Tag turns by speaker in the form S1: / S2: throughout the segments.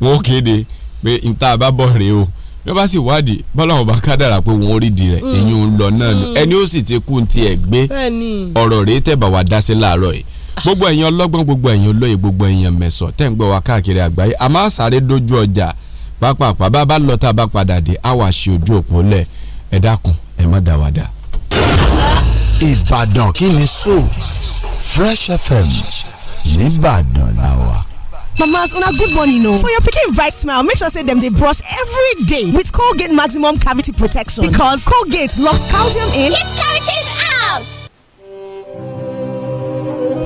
S1: wọn ó kéde pé níta bá bọ̀ rèé o bí wọ́n bá sì wádìí bọ́láwọn bá kádàrà pé wọ́n rí di rẹ̀ mm. èyí ń lọ náà ni mm. ẹni ó sì ti kú ti ẹ̀ gbé ọ̀rọ̀ rèé tẹ̀ bá wa dá sí láàárọ̀ yìí gbogbo ẹ̀yin ọlọ́gbọ́n gbogbo ẹ̀yin olóye gbogbo ẹ̀yin mẹ̀sọ̀ tẹ̀ ń gbọ́ wa káàkiri àgbáyé a máa sáré dojú ọjà pápápá bá bá lọ tá a bá padà dé a wà ṣe ojú òpó lẹ̀ ẹ dákun ẹ má dá wa dá. Ìbàdàn kí ni so Fresh FM
S2: nìbàdàn làwà.
S3: Mamas, on a good one, you know. For your picking bright smile, make sure say them they brush every day with Colgate Maximum Cavity Protection because Colgate locks calcium in. Keeps cavities out.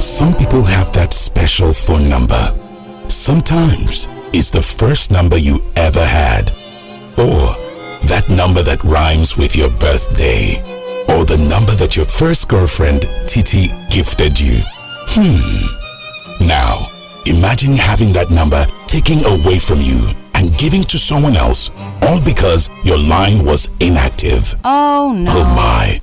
S4: Some people have that special phone number. Sometimes it's the first number you ever had, or that number that rhymes with your birthday, or the number that your first girlfriend Titi gifted you. Hmm. Now. Imagine having that number taken away from you and giving to someone else, all because your line was inactive.
S5: Oh no.
S4: Oh my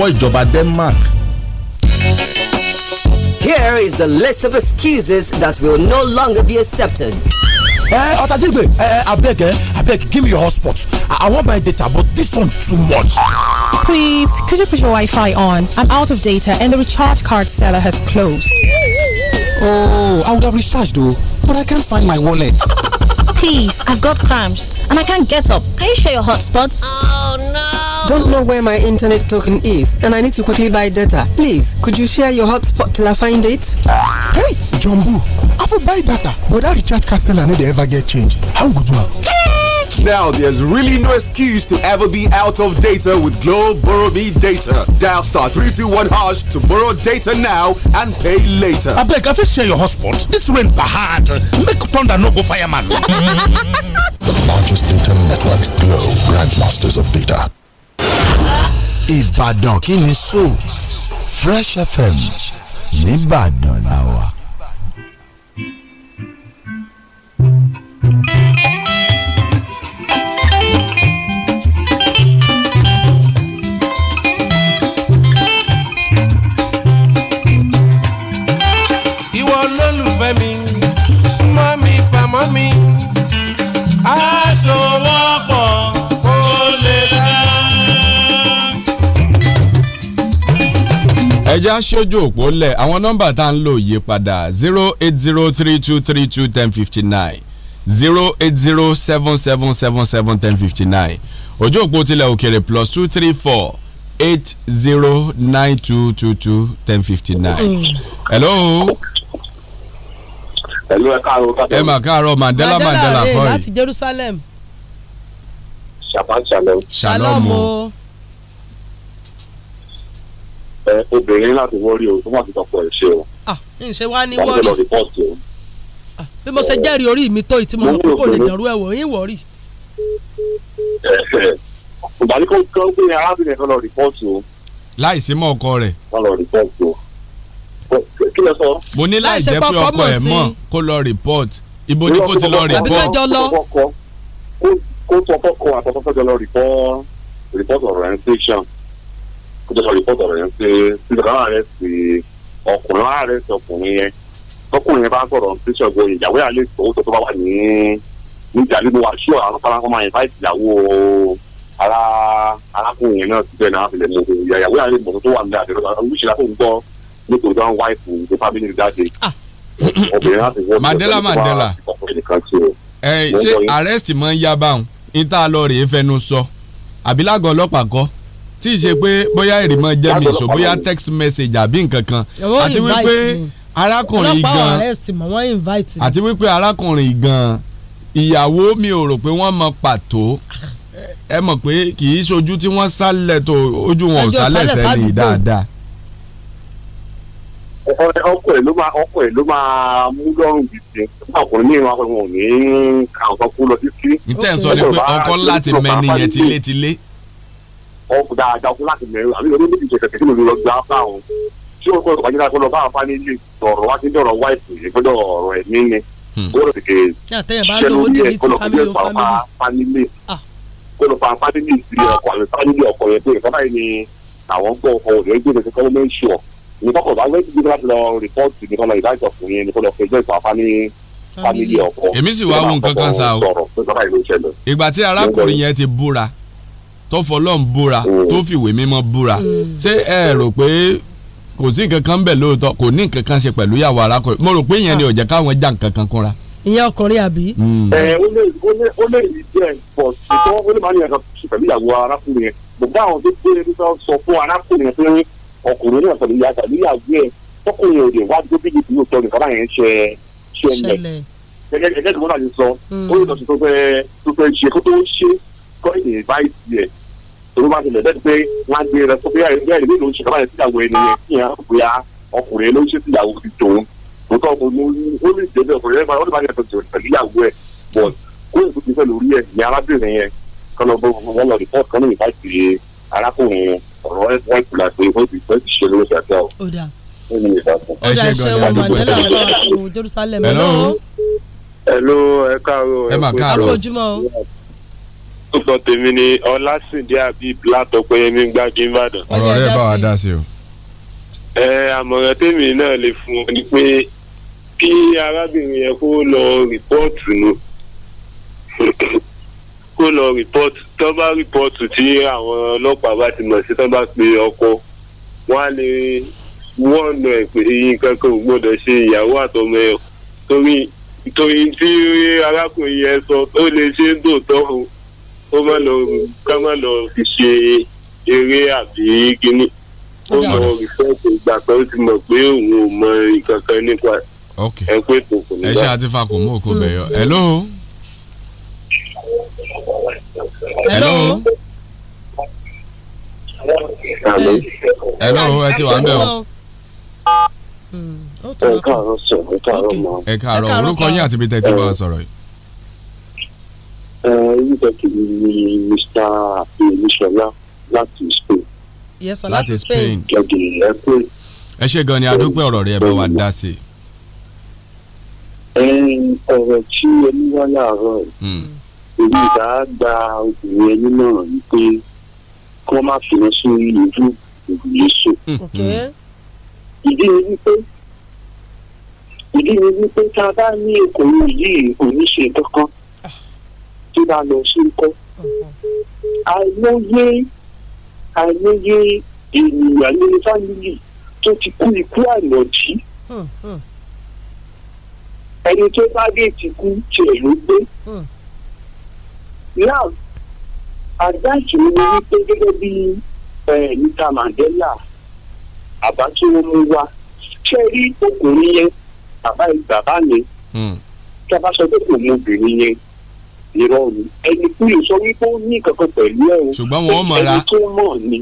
S1: ìjọba Denmark. Here is the list of excuses that will no longer be accepted. Eh, Otajigbe, eh, abeg, eh, abeg,
S4: give me your hotspot. I, I want my data, but this one too much.
S3: Please, could you put your Wi-Fi on? I'm out of data and the recharge card seller has closed.
S2: Oh, I would have recharged though, but I can't find my wallet.
S3: Please, I've got cramps and I can't get up. Can you share your hotspots? Oh no! Don't know where my internet token is and I need to quickly buy data. Please, could you share your hotspot till I find it? Hey, Jumbo, I will buy data, but that recharge card seller never ever get change. How good you are?
S2: Now there's really no excuse to ever be out of data with Globe Borrow Me Data. Dial star 321 hash to borrow data now and pay later. I beg, I fit share your hotspot.
S4: This rain bad. Make thunder no go fireman. the largest data
S2: network, Globe grandmasters of data. Ibadan kini so Fresh FM nìbàdàn làwà.
S1: ṣojú òpó lẹ̀ àwọn nọ́mbà tá à ń lò yí padà zero eight zero three two three two ten fifty nine zero eight zero seven seven seven seven ten fifty nine ojú òpó tilẹ̀ òkèrè plus two three four eight zero nine two two two ten fifty nine. hello Hello. ẹ káàárọ̀ káàárọ̀. ẹ mà káàárọ̀ mandela mandela kọ́ ẹ. mandela eh, rè láti
S6: jerusalem.
S1: shalom. shalom
S2: o obìnrin láti wọ́rí o tó má ti tọpọ̀ ẹ̀ ṣe o.
S6: ǹṣe ah, wá ní wọ́rí ah, bí mo ṣe jẹ́rìí orí mi tó ìtì mo mọ̀ pé kò lè dàrú ẹ̀wọ̀ yín wọ̀rí.
S2: ìgbàlí kò kọ́ pé arábìnrin kan lọ rìpọ́ọ̀tì o.
S1: láìsí mọ́ ọkọ rẹ̀.
S2: wọ́n lọ rìpọ́ọ̀tì o. kí lẹ sọ. mo ní láì jẹ́ pé ọkọ ẹ̀ mọ̀
S1: kó lọ rìpọ́ọ̀tì ibo ni kò ti lọ rìpọ́ọ̀tì.
S2: kó tọ́ fọ́kọ àtọ́fọ́fọ́ jọ lọ rìpọ́ọ̀tì ọ̀rọ̀ ẹ̀ tó sọ rìpọ́tọ̀ rẹ̀ pé sísọ̀rọ̀ ààrẹ sí ọkùnrin ààrẹ sí ọkùnrin yẹn tọkùnrin yẹn bá sọ̀rọ̀ sí ṣọ̀gbọ́n ìyàwó àlè tòótọ́ tó bá wà ní níjà nínú àṣọ àwọn farakọ́mọ yẹn báyìí ìyàwó ara arákùnrin yẹn náà ti bẹ́ẹ̀ náà fìlẹ̀ mọ́ ìyàwó àlè mọ̀ tó wà ní àdéhùn oríṣi látò ń gbọ́ nítorí táwọn wáìfù tó fábílì dáde ah.
S1: obìnrin láti wọ́n Mandela Mandela eh, ṣé àrẹ́sì mọ́ ń yá báwọn ní tí ì ṣe pé bóyá ìrìmọ jẹ mi ìṣó bóyá text message àbí nǹkan kan àti wípé arákùnrin gan àti wípé arákùnrin gan ìyàwó mi ò rò pé wọ́n mọ pàtó ẹ mọ̀ pé kì í ṣojú tí wọ́n sálẹ̀ tó ojú wọn ò sálẹ̀ sẹ́ni dáadáa.
S2: ọkọ ẹ ló máa ọkọ ẹ ló máa mú lọ́rùn gbèsè ọkùnrin ní ìwà wọn ò ní kà ọkọ kú lọ títí. n ń sọ ni pé ọkọ láti mẹ́ni yẹn tilétilé ọkùn dáadáa fún láti mẹ́rin àbí ọdún méjì ṣẹ̀ṣẹ̀ tí mo lọ gbà fáwọn tí o kọ́ ìtọ́jú náà kọ́ lọ bá àfa ní ilé ọ̀rọ̀ wá sí dọ̀rọ̀ wáìfù ìgbọ́dọ̀ ọ̀rọ̀ ẹ̀mí ni gbọ́dọ̀ hmm. lọ fi
S6: lè fa lọ sí ah.
S2: ọkọ̀ àmì fánílì ọkọ̀ yẹn pé ìfọ́nà yìí ni àwọn gbọ́ ọkọ̀ òde gbé ní kọ́ mẹ́ ṣùọ̀ ní kọ́kọ́ bá wẹ́ẹ́ gbé láti lọ rìpọ́ọ̀tì ní
S1: kọ́lọ tó fọlọ́n búra tó fìwé mímọ́ búra mm. ṣé ẹ rò pé kò sí nǹkan kan bẹ̀ lóòótọ́ kò ní nǹkan kan ṣe pẹ̀lú ìyàwó arákùnrin mo rò pé ìyẹn ni ò jẹ́ káwọn já nǹkan kan kúnra. ìyá ọkùnrin àbí. Mm. ẹ
S2: ó lè o lè rí díẹ̀ pọ̀ ṣùgbọ́n o lè máa ní ẹ̀ka ṣe pẹ̀lú ìyàwó arákùnrin yẹn gbogbo àwọn tó gbé ẹni tó sọ fún arákùnrin yẹn pé ọkùnrin náà pẹ̀lú ìyá tàbí ìyàwó yẹn tọkùnrin òde wá gbé bíi ìdílé òtọ́ nìkan báyẹn ṣe ṣẹlẹ̀ gẹ́gẹ́ gẹ́gẹ́ tí wọ́n náà ti sọ mm. ó yẹ tó bá tilẹ̀ dẹ́ni pé wọ́n á gbé rẹ sọ pé ẹgbẹ́ ìlú ìlú ṣe kábàáyé síyàwó ènìyàn kí yẹn bóyá ọkùnrin ló ṣe síyàwó ti tòun tó tọ́ ọkùnrin ó lè jẹ́ bẹ́ẹ̀ ọkùnrin ó lè bá yẹn tọ̀tọ̀ pẹ̀lú ìyàwó ẹ̀ bọ̀ kó èso ti fẹ́ lórí ẹ̀ ní arábìnrin yẹn kọ́ lọ wọ́n lọ rìpọ́t kan lóyún láti ṣe arákùnrin ọ̀rọ̀ ẹ̀ wọ́n ìpìlẹ̀ pé wọ́n ti fẹ́ ti ṣe lórí ìṣàkẹ́ ọ̀. ó dà ẹ ṣeun mandela ọlọ́run
S6: jerusalem.
S7: hello ẹ káàárọ̀ ẹ máa káàárọ̀ orúkọ tèmi ni ọlásìndí àbí látọpẹyẹmí gbági ìbàdàn.
S1: ọ̀rọ̀ rẹ bá wa dá sí o.
S7: ẹ àmọ̀ràn tèmi náà lè fún ọ ni pé kí arábìnrin yẹn kó lọ rìpọ́ọ̀tù nù kó
S2: lọ rìpọ́ọ̀tù tó bá rìpọ́ọ̀tù tí àwọn ọlọ́pàá bá ti mọ̀ sí tó bá pe ọkọ wọn á lè wọ́ọ̀nù ẹ̀ pé eyín kankan ò gbọ́dọ̀ ṣe ìyàwó àtọmọ ẹ̀ torí torí tí arákùnrin yẹn sọ ó lè ṣe é dòótọ́ o ó má lọ ká má lọ fi ṣe eré àbí gíní ó mọ rìsọ́ọ̀tì ìgbà kan ó ti mọ̀ pé òun ò mọ nǹkan kan nípa ẹ pé
S1: kò kò ní bá. ẹ ṣe àti fakò mú òkú bẹ̀yọ. hello. hello. hello. hello ẹ ti wà ń bẹ̀ o hmm, ẹ káàárọ̀ sọ̀rọ̀ ẹ káàárọ̀ mọ́. ẹ káàárọ̀ orúkọ yín àti ibi tẹ́ bá a sọ̀rọ̀ yìí orúkọ
S2: ni mr ìyẹmísọlá láti spain.
S1: yes ọlá láti spain. gẹ̀gẹ̀ ẹ pé. ẹ ṣe gan ni adúpẹ́ ọ̀rọ̀ rẹ ẹ bá wa dá sí i.
S2: Eh, ọ̀rọ̀ tí ẹni wá láàárọ̀ ẹ̀ hmm. èmi ìgbà gba obìnrin ẹni náà wípé kí wọ́n má fi lọ sí ìlú ìlú so. ìdí ni wípé ìdí ni wípé tá a bá ní okòwò yìí kò ní ṣe kankan tí bá lọ sí nǹkan. àìmọye àìmọye ènìyàn nínú fámìlì tó ti kú ikú àìmọ̀dí. ẹni tó bá dé ti kú tiẹ̀ ló gbé. now àdáṣe ni wípé gẹ́gẹ́ bí níta eh, Mandela àbá tí wọ́n mú wá ṣé rí ọkùnrin yẹn bàbá bàbá mi hmm. tí a bá sọ pé kò mú obìnrin yẹn irọ́ ni ẹni tó lè sọ wípé ó ní kankan pẹ̀lú ẹ̀ o ṣùgbọ́n wọn mọ̀ra ẹni tó mọ̀ ni.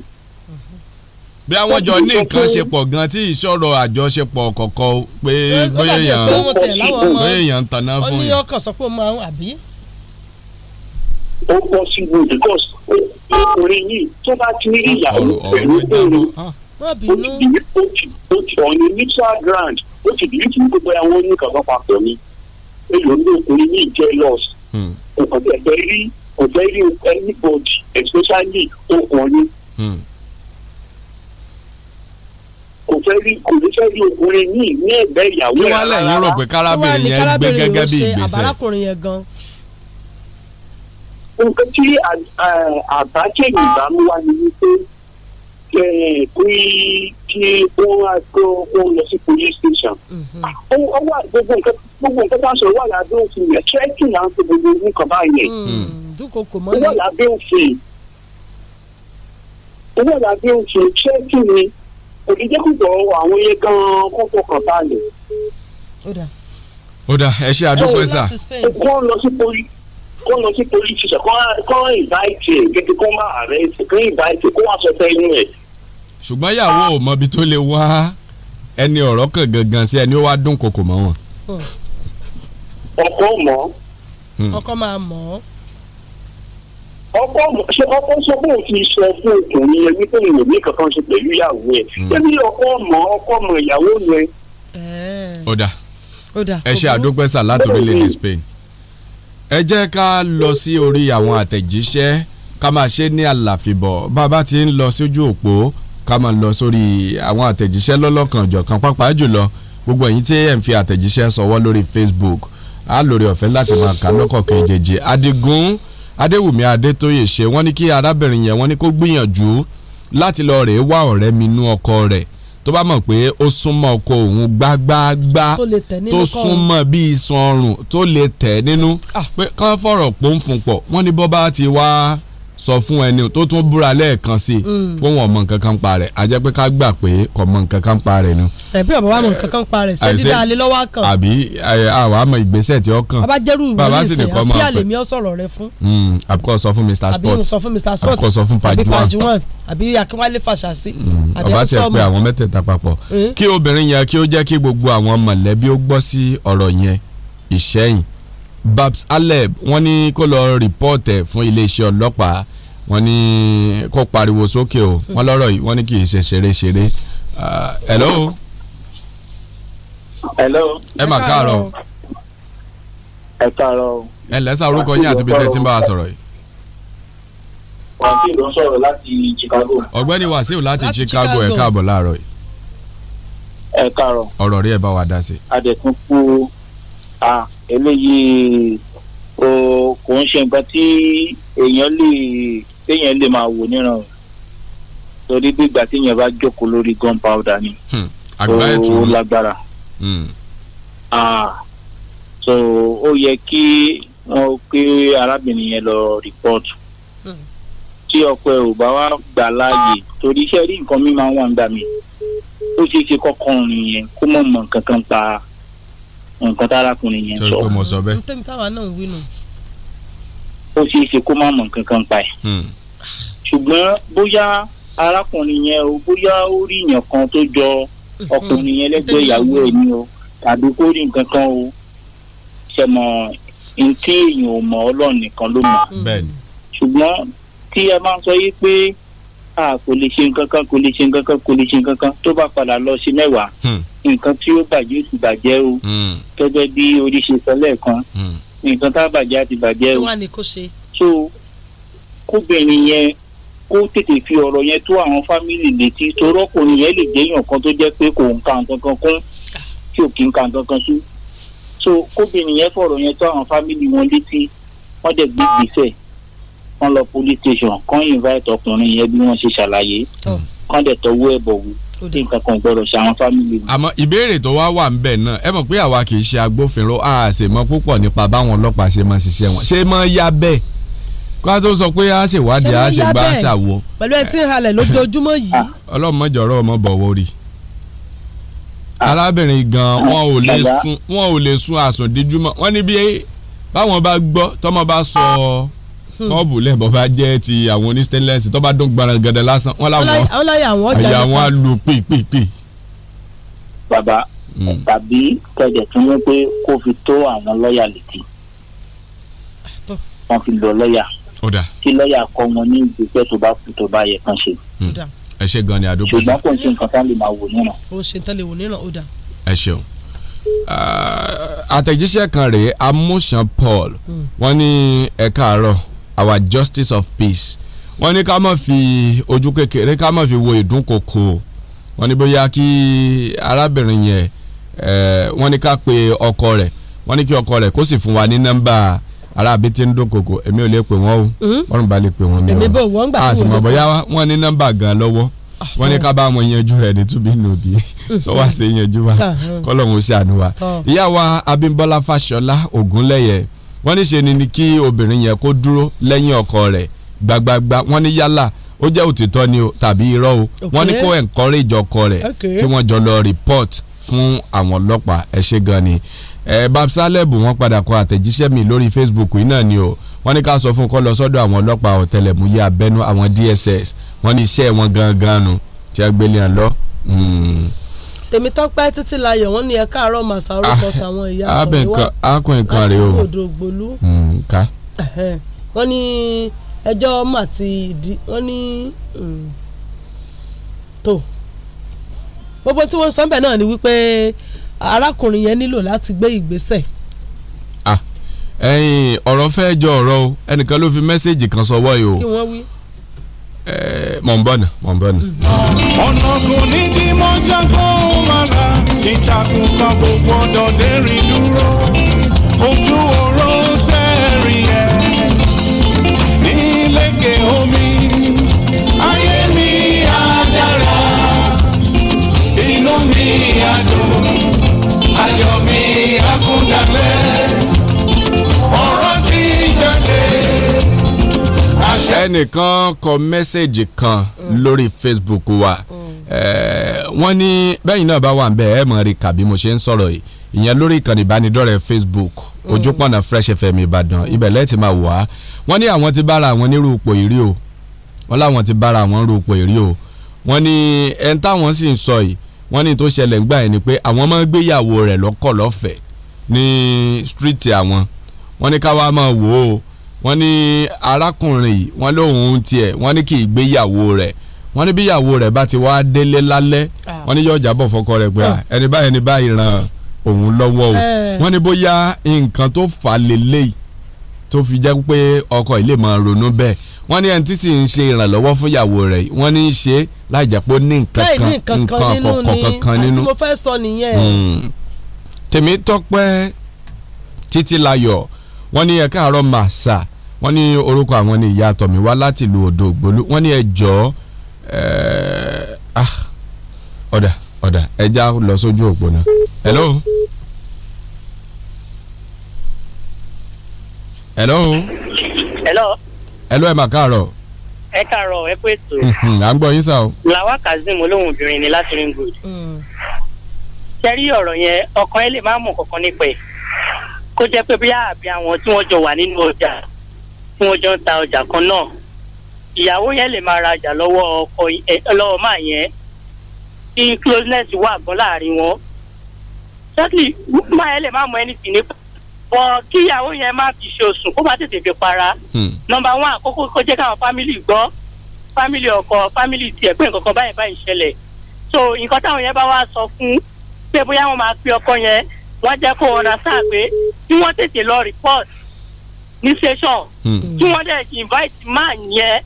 S1: bí àwọn jọ ní nǹkan ṣe pọ̀ gan tí ìṣòro àjọṣepọ̀ kọ̀ọ̀kan pé bóyá èèyàn ń tanná fún yẹn. ó ní
S6: ọkàn sọ pé ó máa ń àbí. ó
S2: pọ̀ sí i because ọkùnrin yìí tó bá ti rí ìyàwó pẹ̀lú òru ó ti ọ̀nì neutral ground ó ti dìbò tí wọ́n gbé àwọn oníkàgbọ́n papọ̀ ni èlò ní ọkùnrin yìí jẹ́ lost ọ̀dẹ̀ rí ọ̀dẹ̀ rí anybody especially ọkùnrin hmm. kò fẹ́ rí kò ní fẹ́ rí ọkùnrin ní ní ẹ̀gbẹ́ ìyàwó ẹ̀ rárá. kí wọ́n lẹ̀ yín rò pé
S1: kárábìnrin yẹn gbé gẹ́gẹ́ bí ìgbésẹ̀.
S6: àbárakùnrin yẹn gan.
S2: nǹkan tí àbájáde ìbámu wà ní wípé Eh, kí kí wọ́n á kó wọ́n lọ sí police station. Mhm. ó wà gbogbo nǹkan gbogbo nǹkan bá ń sọ̀rọ̀ wà lábẹ́ òfin yẹn trekking là ń fi gbogbo nǹkan báyẹn. Hmm, hmm. dúkokò mọ́lẹ̀. wà lábẹ́ òfin wà lábẹ́ òfin trekking ni òdìjẹ́kùtọ̀ àwọn yẹn gan-an kó fọkàn balẹ̀.
S1: ó dà ẹ ṣe àdúgbò ẹ sà.
S2: wọ́n lọ sí police kó lọ sí police station kó invite ẹ̀ gẹ́gẹ́ kó má arrest kó invite kó wá sọ fẹ́ inú ẹ̀.
S1: ṣùgbọ́n ìyàwó ò mọbi tó lè wá ẹni ọ̀rọ̀ kan gangan sí ẹni ó wá dún kòkò mọ́ wọn. ọkọ mọ. Hmm.
S6: ọkọ máa mọ.
S2: ọkọ ṣe ọkọ sọ pé òun ti sọ fún ọkùnrin ẹni tó lè ní kankan ṣe pẹ̀lú ìyàwó ẹ̀ ẹni hmm. ọkọ mọ ọkọ mọ ìyàwó rẹ. ó dà ó dà
S1: ẹ ṣe àdópẹ́sà látòrílẹ̀-èdè Spain ẹ jẹ́ ká lọ sí orí àwọn àtẹ̀jíṣẹ́ ká máa ṣe ní àlàfíbọ̀ bàbá ti ń lọ sójú òpó ká máa lọ sórí àwọn àtẹ̀jíṣẹ́ lọ́lọ́kanjọ̀kan pàápàá jùlọ gbogbo ẹ̀yin tí ẹ̀ ń fi àtẹ̀jíṣẹ́ sọwọ́ lórí Facebook á lórí ọ̀fẹ́ láti máa kà lọ́kọ̀ọ̀kan ìjèjì Adigun Adéwùmí Adétóyè ṣe wọ́n ní kí arábìnrin yẹn wọ́n ní kó gbìyànjú láti lọ rèé wá ọ̀rẹ́ mi nú ọkọ rẹ̀ tó bá mọ̀ pé ó súnmọ́ ọkọ òun gbágbáágbá tó súnmọ́ bíi iṣan ọrùn tó lè tẹ̀ nínú ah. pé kán fọ̀rọ̀ pòǹfùn pọ̀ wọ́n ní bọ́ bá ti wá sọ fún ẹni tó tún búra lẹ́ẹ̀kan sí i fún mm. wọn mọ nǹkan kan pa rẹ̀ a jẹ́ pé ká gbà pé kò mọ nǹkan kan pa rẹ̀ ni.
S6: ẹbí ọ̀bọ̀ wa mọ nǹkan kan pa rẹ̀ ṣé dídá alẹ́ lọ́wọ́ kan. àbí
S1: àwa mọ ìgbésẹ̀ tí ó kàn. bàbá jẹ́rù ìwé ìsìn àbí àlèmí
S6: ọ̀ sọ̀rọ̀ rẹ fún.
S1: Hmm, àbí kò sọ fún Mr Sport àbí sọ fún Mr Sport àbí kò sọ fún Pajuwan
S6: àbí Akínwálé Fàṣàsí. Hmm, ọba ti ẹ pé
S1: àwọn mẹ́tẹ̀ẹ̀ta papọ̀ eh? kí obìnrin yẹn kí ó jẹ́ kí gbogbo àwọn mọ̀lẹ́bí ó gbọ́ sí ọ̀rọ̀ yẹn ìṣẹ́yìn Babs Aleb wọ́n ní kó lọ rìpọ́ọ̀tì fún iléeṣẹ́ ọlọ́pàá wọ́n ní kó pariwo sókè o wọ́n lọ́rọ̀ yìí wọ́n ní kì í ṣe ṣeré-ṣeré. Ah, hello. hello. ẹ mà káàárọ̀.
S2: ẹ káàárọ̀. ẹ lẹ́sà orúkọ yín àti bíi tẹ́tí ń bá a sọ̀rọ̀ yìí wàsíù ló ń sọ̀rọ̀ láti Chicago.
S1: ọ̀gbẹ́ni wàsíù láti Chicago ẹ̀ káàbọ̀ láàárọ̀ yìí. ẹ káàárọ̀. ọ̀rọ̀ rí ẹ bá wa dá sí.
S2: adẹ̀kùn kú eléyìí o kò ń ṣe nǹkan tí èèyàn lè téèyàn lè máa wò níran torí bí téèyàn bá jókòó lórí gunpowder ni
S5: hmm. àgbá ètò ó lágbára hmm.
S2: so ó yẹ kí wọn pé arábìnrin yẹn lọ rìpọ́tù hmm. tí ọkọ ẹ ò bá wá gbà láàyè torí iṣẹ́ rí nǹkan mi máa ń wà ó ṣeé ṣe kọ́kọ́ yẹn kó mọ̀ mọ̀ kankan pa á nǹkan tá arákùnrin yẹn sọ. sọ pé mo sọ bẹ́ẹ̀. ntẹ́mi táwa náà ń wí nù. ó ṣeé ṣe kó má mọ̀ nǹkan
S8: kan pa ẹ̀. Hmm.
S2: ṣùgbọ́n bóyá arákùnrin yẹn o bóyá ó rí èèyàn kan tó jọ hmm. ọkùnrin yẹn lẹ́gbẹ̀ẹ́ ìyàwó ẹ̀ ni o tàbí kó rí nǹkan kan o ṣẹ̀mọ̀ ntí èèyàn ò mọ̀ ọlọ́run nìkan ló mọ̀. ṣùgbọ́n tí ẹ máa ń sọ yìí pé a kò lè ṣe nǹkan kan kò lè ṣe nǹkan kan kò lè ṣe nǹkan kan tó bá padà lọ sí mẹ́wàá hmm. nǹkan tí ó bàjẹ́ ti bàjẹ́ o hmm. gẹ́gẹ́ bí orí ṣe sọ hmm. nǹkan tá a bàjẹ́ á ti bàjẹ́ o so kóbìnrin yẹn kó tètè fi ọ̀rọ̀ yẹn tó àwọn fámìlì létí torọ́ kò nìyẹn lè jẹ́yàn kan tó jẹ́ pé kò ń ka nǹkan kan kún tí ò kí ń ka nǹkan kan sí so kóbìnrin yẹn fọ̀rọ̀ yẹn tó àwọn fámìlì wọn létí wọ́n dẹ̀ gbé gbèsè kán lọ police station kán invite ọkùnrin yẹn bí wọ́n ṣe ṣàlàyé oh. kán dẹ̀ tọwọ́ ẹ̀ bọ̀wọ̀ tí nǹkan kan gbọdọ̀ ṣe àwọn fámìlì mi.
S1: àmọ́ ìbéèrè tó wá wà ńbẹ̀ náà ẹ mọ̀ pé àwa kì í ṣe agbófinró a ṣe mọ̀ púpọ̀ nípa báwọn ọlọ́pàá ṣe máa ṣiṣẹ́ wọn ṣé mọ̀ ya bẹ́ẹ̀ kó a tó sọ pé a ṣèwádìí a ṣègbà a ṣàwọ.
S6: pẹ̀lú ẹ tí ń halẹ̀ lójoojúmọ́ yìí. Ah.
S1: ọlọ́mọjọ́rọ́ ọmọ bọ̀wọ́ rí ah. arábìnrin gan ah. wọn ò lè sun wọn ò lè sun àsùndíjúmọ́ wọn ní bí báwọn bá gbọ́ tọ́mọ bá sọ. So, Hmm. kọ́ọ̀bù lẹ́bọ̀ bá jẹ́ ti àwọn oní stainless tó bá dún gbarangada lásán wọn làwọn
S6: àyà wọn á
S1: lu pèpèpè. bàbá hmm.
S2: tàbí kẹ̀dẹ̀ tún ní pé kó fi tó àwọn lọ́ọ̀yà létí wọ́n fi lọ lọ́ọ̀yà kí lọ́ọ̀yà kọ́ wọn ní ìgbésẹ̀ tó bá kú tó bá yẹ kán ṣe.
S1: Hmm. ẹ ṣe gan ni àdókò sí. ṣùgbọ́n kò sí
S2: nǹkan tá lè máa wò nínà. o ṣe tán lè wò nínà ó dà.
S1: ẹ ṣeun ah, àtẹ̀jíṣẹ́ kan rèé amúṣan Paul wọ́n ní ẹ̀ka àárọ̀ our justice of peace wọ́n ní ká má fi ojú kékeré ká má fi wo ìdúnkokò wọ́n ní bóyá kí arábìnrin yẹn wọ́n ní ká pe ọkọ rẹ̀ wọ́n ní kí ọkọ rẹ̀ kó sì fún wa ní nọ́mbà arábí tí ń dúnkokò èmi ò lè pè wọ́n o wọ́n mm-hmm. bá lè pè wọ́n mi wọ́n a sì mọ̀ bóyá wọ́n ní nọ́mbà gan lọ́wọ́ ah, wọ́n ní ká bá wọn yanjú rẹ̀ ní túbí nùbí mm-hmm. sọ wá sí yanjú wa uh-huh. kọ́lọ́hún ó ṣàánú wa ìyá wa Abímbọ́lá Fáṣọlá Ògúnlẹ́yẹ wọ́n ní ṣe ni kí obìnrin yẹn kó dúró lẹ́yìn ọkọ rẹ̀ gbagbagba wọ́n ní yálà ó jẹ́ òtítọ́ ni o tàbí irọ́ o wọ́n ní kó encourage ọkọ rẹ̀ kí wọ́n jọ lọ report fún àwọn ọlọ́pàá ẹ ṣe gan ni ẹ babsalẹ́bù wọ́n padà kọ àtẹ̀jíṣẹ́ mi lórí Facebook yìí náà ni o wọ́n ní ká sọ fún kó lọ sọ́dọ̀ àwọn ọlọ́pàá ọ̀tẹlẹ̀múyẹ́ abẹ́nú àwọn DSS wọ́n ní iṣẹ́ wọn gangan nu tí a gbélé hàn lọ. Hmm.
S6: Tèmítọ́pẹ́ Títílayọ̀ wọ́n ní ẹ káàárọ̀ màsà orúkọ ah, tàwọn ìyá àkọ́ nǹkan rẹ o láti odò ògbólú hmm, wọ́n ní ẹjọ́ mà ti di wọ́n ní hmm. tó gbogbo tí wọ́n sọ ń bẹ̀ náà ni wípé arákùnrin yẹn nílò láti gbé ìgbésẹ̀
S1: ah, ẹ̀yin ọ̀rọ̀ fẹ́ jọ ọ̀rọ̀ o ẹnìkan ló fi mẹ́sẹ̀gì kan sọwọ́ yìí o kí wọ́n wí mọ̀ ń
S7: ọ̀nà kò ní di mọ́jà kó o ìtàkùn kan kò gbọ́dọ̀ dérin dúró
S4: ojú oró tẹ̀rí ẹ̀ nílẹ̀kẹ̀ omi ayé mi á inú mi á ayọ̀ mi
S7: á
S1: ẹnìkan kọ mẹ́sẹ̀gì kan mm. lórí Facebook wa mm. eh, wọ́n ní bẹ́yìn náà bá wà ń bẹ̀ ẹ̀ mọ̀ rí kàbí mo ṣe ń sọ̀rọ̀ yìí ìyẹn lórí ìkànnì ìbánidọ́rẹ̀ẹ́ Facebook mm. ojúpọ̀nà Fresh FM Ìbàdàn ibẹ̀ lẹ́ẹ̀tì máa wà wọ́n ní àwọn ti bára àwọn nírú ipò ìrí o wọ́n láwọn ti bára àwọn nírú ipò ìrí o wọ́n ní ẹn táwọn sì ń sọ yìí wọ́n ní tó ṣẹlẹ̀ ńgbà yẹn ni pé àwọn máa ń gbéyàwó rẹ̀ lọ́kọ̀ lọ́fẹ̀ẹ́ ní stíríìtì àwọn wọ́n ní káwa máa wò ó wọ́n ní arákùnrin yìí wọ́n lóun tiẹ̀ wọ́n ní kì í gbéyàwó rẹ̀ wọ́n ní bíyàwó rẹ̀ bá ti wá délé lálẹ́ ah. wọ́n ní yóò jábọ̀ fọkọ rẹ̀ pé ah, ah. ẹni báyìí ẹni báyìí ràn òun lọ́wọ́ o eh. wọ́n ní bóyá nǹkan tó fà lélẹ́yìí tó fi jẹ́ pé ọkọ ilé máa ronú bẹ́ẹ̀ wọ́n ní ẹni tí sì ń ṣe ìrànlọ́wọ́ fún ìyàwó rẹ̀ wọ́n ní í ṣe láì jẹ́ pé ó ní nǹkan kan nǹkan kọ̀ọ̀kan nínú. àti mo fẹ́ sọ nìyẹn. Hmm. Tèmítọ́pẹ́ Títílayọ̀ wọ́n ní ẹ káàárọ̀ màsà wọ́n ní orúkọ àwọn ní ìyá wá láti lu odò ògbólú wọ́n ní ẹ jọ̀ọ́ eh, ah, ọ̀dà ọ̀dà ẹ lọ sójú òpó náà. hello. hello. hello. hello ẹ mà káàárọ̀.
S8: ẹ káàárọ̀ ẹ kú ètò.
S1: Mhm, à ń gbọ́ yín sá o.
S8: làwa kazeem olóhùn obìnrin ni kó jẹ́ pé bóyá àbí àwọn tí wọ́n jọ wà nínú ọjà tí wọ́n jọ ń ta ọjà kan náà ìyàwó yẹn lè máa rajà lọ́wọ́ ọkọ lọ́wọ́ máa yẹn tí closeness wà gan láàrin wọn sẹ́tìlì máa yẹn lè má mọ anything nípa wọn kíyàwó yẹn má fi ṣe oṣù kó má tètè fi para hmm. nọ́mbà wọn àkókò kó jẹ́ káwọn fámìlì gbọ́ fámìlì ọkọ fámìlì tiẹ̀ pé nǹkan kan báyìí báyìí ṣẹlẹ̀ so nǹkan táwọn yẹn bá wá sọ fún pé bóyá wọn máa pe ọkọ yẹn wọ́n jẹ́ kó ọ̀nà sáà pé kí wọ́n tètè lọ report ní station hmm. kí wọ́n dẹ̀ invite máa yẹn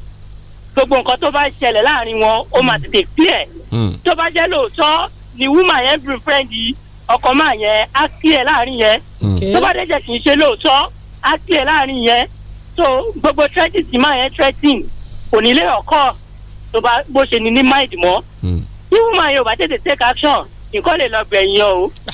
S8: gbogbo nǹkan tó bá ṣẹlẹ̀ láàrin wọn ó máa tètè clear hmm. tó bá jẹ́ lóòótọ́ ni woman every bring friend yìí ọkọ máa yẹn á clear láàrin yẹn hmm. tó bá dẹ̀ jẹ́ kì í ṣe lóòótọ́ á clear láàrin yẹn so gbogbo threatening ti máa yẹn threatening kò ní lè ọkọ tó bá bó ṣe ni ní mind mọ́ tí woman yẹn ò bá tètè take action nǹkan lè lọ gbẹ̀yìn o ah.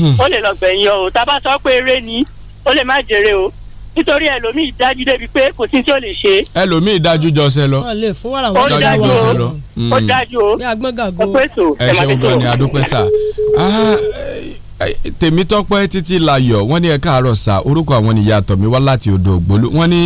S8: Hmm. ó lè lọ gbẹ̀yìn o tá a bá sọ pé eré ni ó lè má jèrè o nítorí ẹlòmíì dájú débi pé kò sí tí ó lè ṣe. ẹlòmíì
S1: dájú jọsẹ lọ. ó lè fún
S8: wàrà wọn dájú o ó hmm. dájú o bí agbọ́ngàgò.
S1: ẹ ṣeun gan ni adúpẹ́ sà ah, eh, tèmítọ́pẹ́ títí láyọ̀ wọ́n ní ẹ káàárọ̀ sà orúkọ àwọn nìyá tọ̀mí wá láti odò ògbólú wọ́n ní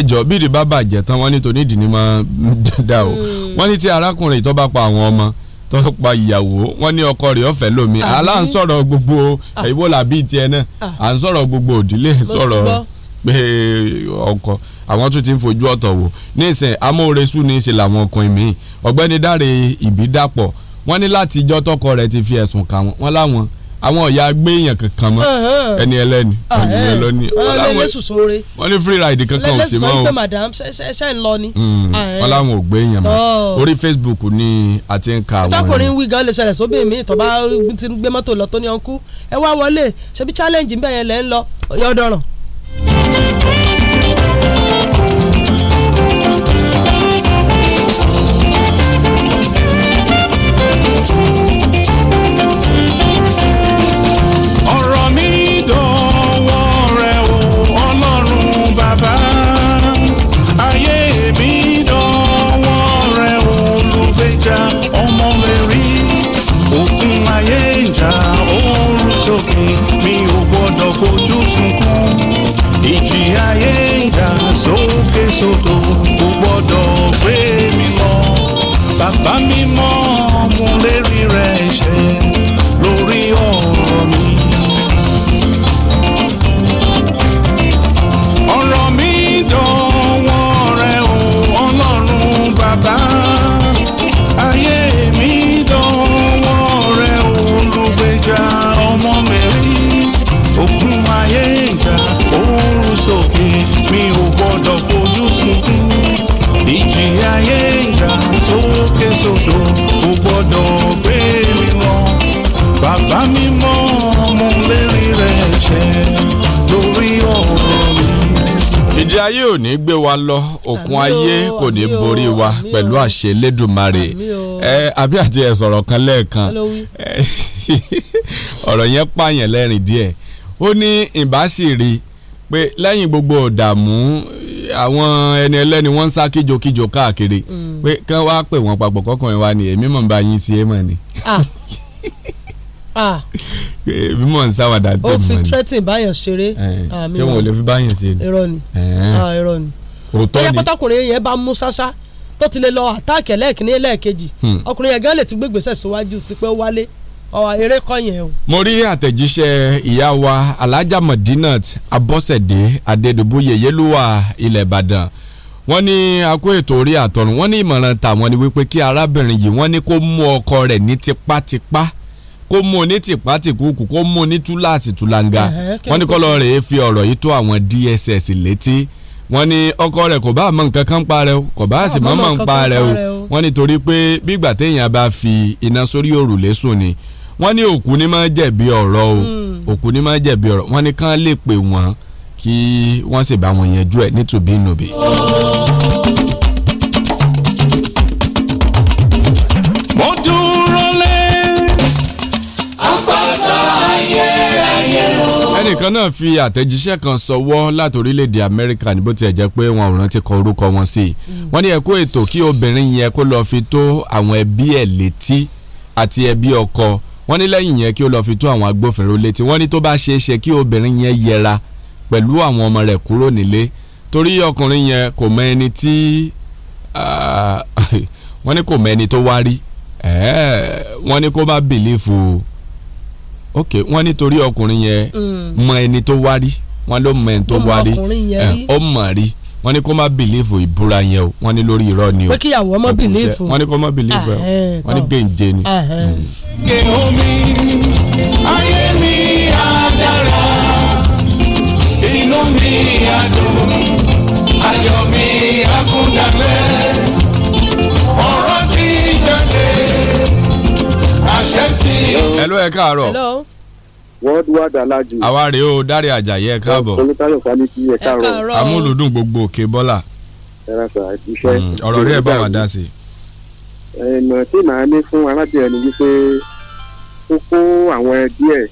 S1: ẹjọ́ bídìí bá bàjẹ́ tán wọ́n ní tonídìí ni máa ń dáadáa o hmm. wọ́n ní tí arákùnrin ìtọ́ bá pa àwọn ọmọ tó pa ìyàwó wọ́n ní ọkọ rẹ̀ ọ̀fẹ́ lómi àlà gbogbo ah. ìwọ làbí tiẹ̀ náà ah. à gbogbo òdílé sọ̀rọ̀ pé ọkọ àwọn tún ti ń fojú ọ̀tọ̀ wò nísìnyí amóoresú ní í làwọn ọkùnrin míì ọ̀gbẹ́ni dáre ìbídàpọ̀ wọ́n ní láti ìjọ́ tọkọ rẹ̀ ti fi ẹ̀sùn kàn wọ́n láwọn àwọn ọ̀yà gbé èèyàn kankan mọ́ ẹni ẹlẹ́ni ọ̀yìn ẹlọ́ni wọ́n ní free ride kankan ò sí mọ́ o
S6: wọ́n mm. láwọn ò
S1: gbé èèyàn mọ́ oh. orí Facebook ni a ti ń ka àwọn. ọ̀tàkùnrin
S6: wí gan lè ṣẹlẹ̀ sóbì mi ìtọ́ bá ti gbé mọ́tò lọ tó ní ọkú ẹ wá wọlé ṣebí challenge ń bẹ̀yẹn lẹ́ ń lọ ọ̀yọ́ ọ̀dọ́ràn.
S1: ò ní gbé wa lọ òkun ayé kò ní borí wa pẹ̀lú àṣẹ ẹ àbí àti ẹ sọ̀rọ̀ kan lẹ́ẹ̀kan ọ̀rọ̀ yẹn pààyàn lẹ́rìn díẹ̀ ó ní ìbáṣì pé lẹ́yìn gbogbo ìdààmú àwọn ẹni ẹlẹ́ni wọ́n ń sá kíjokíjo káàkiri mm. pé kí wá pè wọ́n papọ̀ kọ́kànlélẹ́wà ni èmi mọ̀ ń bá yín sí ẹ̀ mọ̀ ni.
S6: Ah. Ah
S1: bí mò ń sáwà dà tẹ̀ mọ́ ni. ó fi threatening
S6: báyàn ṣeré. ṣé wọn ò lè fi báyàn ṣe ni. irọ́ ni ah, irọ́ ni. òótọ́ ni ó yẹ pátákùnrin yẹn bá mú ṣáṣá tó ti lè lọ àtáàkì ẹlẹ́ẹ̀kíní ẹlẹ́ẹ̀kejì hmm. ọkùnrin yẹn gan lè ti gbégbèsè síwájú tipẹ́ wálé ọ̀rọ̀ eré kọ́ yẹn o.
S1: mo rí àtẹ̀jíṣẹ́ ìyá wa alhaja Madinat Abọ́sẹ̀dé Adédòbóyè Yélúwà ilẹ̀ Ìbàdàn wọ́n ní akó ètò orí àtọ̀run wọ́n ní ìmọ̀ràn tàwọn ni wípé kí arábìnrin yìí wọ́n ní kó mú ọkọ rẹ̀ ní tipátipá kó mú un ní tìpátìkúkù kó mú un ní túláàsì túlanga wọ́n ní kọ́lọ́ rẹ̀ fi ọ̀rọ̀ yìí tó àwọn DSS létí wọ́n ní ọkọ rẹ̀ kò bá àmọ́ nǹkan kan pa rẹ̀ o kò bá sì mọ́ mọ́ ń pa rẹ̀ o wọ́n ní torí pé bígbà téèyàn bá fi iná sórí òrùlé sùn ni wọ́n ní òkú ni máa jẹ̀bi ọ̀rọ̀ o hmm. òkú ni máa jẹ̀bi ọ̀rọ̀ wọ́n ní kán lè pè wọ́n kí wọ́n sì bá wọn yanjú ẹ̀ nítòbí nùbí. ẹnìkan náà fi àtẹ̀jíṣẹ́ kan sọwọ́ láti orílẹ̀-èdè Amẹ́ríkà ní bó tiẹ̀ jẹ́ pé wọn ò rántí kọ orúkọ wọn sí i mm. wọ́n ní ẹ kó ètò kí obìnrin yẹn kó lọ́ọ́ fi tó àwọn ẹbí ẹ̀ létí àti ẹbí ọkọ wọ́n ní lẹ́yìn yẹn kí ó lọ́ọ́ fi tó àwọn agbófinró létí wọ́n ní tó bá ṣeé ṣe kí obìnrin yẹn yẹra pẹ̀lú àwọn ọmọ rẹ̀ kúrò nílé torí ọkùnrin yẹn kò mọ ẹni tí wọ́n ní kò mọ ẹni tó wá wọ́n ní kó bá bìlífù ok wọ́n nítorí ọkùnrin yẹn mm. mọ ẹni tó wá rí wọ́n ló mọ ẹni tó wá rí ó mọ̀ rí wọ́n ní kó má bìlífù ìbúra yẹn o wọ́n ní lórí irọ́ ni o pé kíyàwó
S6: ọmọ ní
S1: kó má bìlífù ẹ̀ wọ́n ní gbèǹde ni.
S6: Mm.
S4: inú mi á ayọ̀
S7: mi á
S1: hello ẹ káàárọ̀. hello worldwide alaji. àwa rèé o dárí àjàyí ẹ káàbọ̀. olùtayọ̀ fanisi ẹ káàárọ̀. amúlùdùn gbogbo òkè bọ́là.
S2: Mm, ọ̀rọ̀ rí ẹ bá wa dá sí. ẹ̀nà tí màá ní fún arábìnrin ni wípé ó kó àwọn ẹbí ẹ̀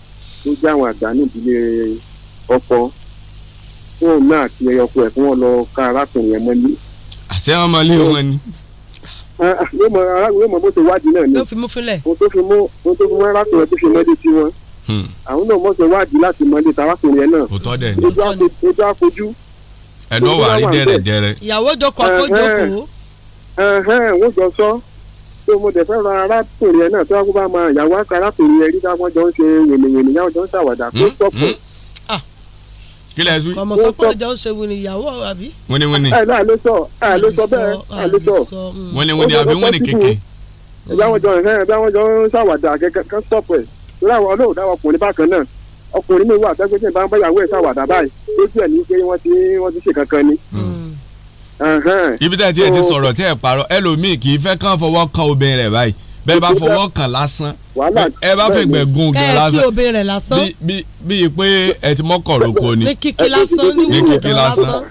S2: tó jẹ́ àwọn àgbà nídìílé ọkọ fóònù àti ẹyọkọ ẹ̀ fún wọn lọ ká arákùnrin ẹ̀
S1: mọ́lé. àṣẹ wọn mọ́lé wọn ni
S2: yóò mọ aráàlú yóò mọ bó ṣe wádìí náà ni. yóò fi mú fúnlẹ̀. ohun tó fi mú ohun tó fi mú arákùnrin tó fi mọ́lé sí wọn. Hmm. àwọn náà mọ̀ ṣe wádìí láti mọ́lé tarákùnrin yẹn náà. òótọ́ dẹ̀ ni ojú àfojú.
S1: ẹ̀dọ́ wà rí dẹ́rẹ̀ dẹ́rẹ̀.
S2: ìyàwó jọkọ̀ kó jókòó. wọ́n jọ sọ pé mo dẹ̀ fẹ́ ra arákùnrin yẹn náà tó wá bá máa yàwó arákùnrin yẹn rí táwọn jọ ń ṣe wèlèwèlè
S1: kílẹ̀ ẹ̀sùn. ọmọ sọ pé
S6: ọjà ó ṣe wìnì ìyàwó àbí. wọ́n ní wọ́n ní. ẹ
S1: náà ló sọ ẹ ló sọ bẹ́ẹ̀ ẹ ló sọ.
S2: Mm. wọ́n ní wọ́n ní àbí wọ́n ní kéke. ẹgbẹ́ àwọn jọ ẹ̀fẹ́ ẹgbẹ́ àwọn jọ ń ṣàwàdà kẹ́kẹ́ kan stop ẹ̀ lórí àwọn olóòdà ọkùnrin bákan náà ọkùnrin mi wà tẹ́gbẹ́ tí n bá ń báyàwó ẹ̀ ṣàwàdà báyìí lójú ẹ̀ ní pé wọ́n ti wọ́n ti ṣe kankan ni.
S1: Mm. ibi tẹ́ ti ẹ ti sọ̀rọ̀ tẹ́ ẹ parọ́ ẹlòmíì kì í fẹ́ kàn fọwọ́ kan obìnrin rẹ̀ báyìí bẹ́ẹ̀ bá fọwọ́ kan lásán wàhálà. ẹ bá fẹ́ gbẹ gun gan lásán. ẹ kí obe rẹ lásán. bí bí pé ẹ ti mọ́kàn roko ni. ní kíkí lásán ní kíkí lásán.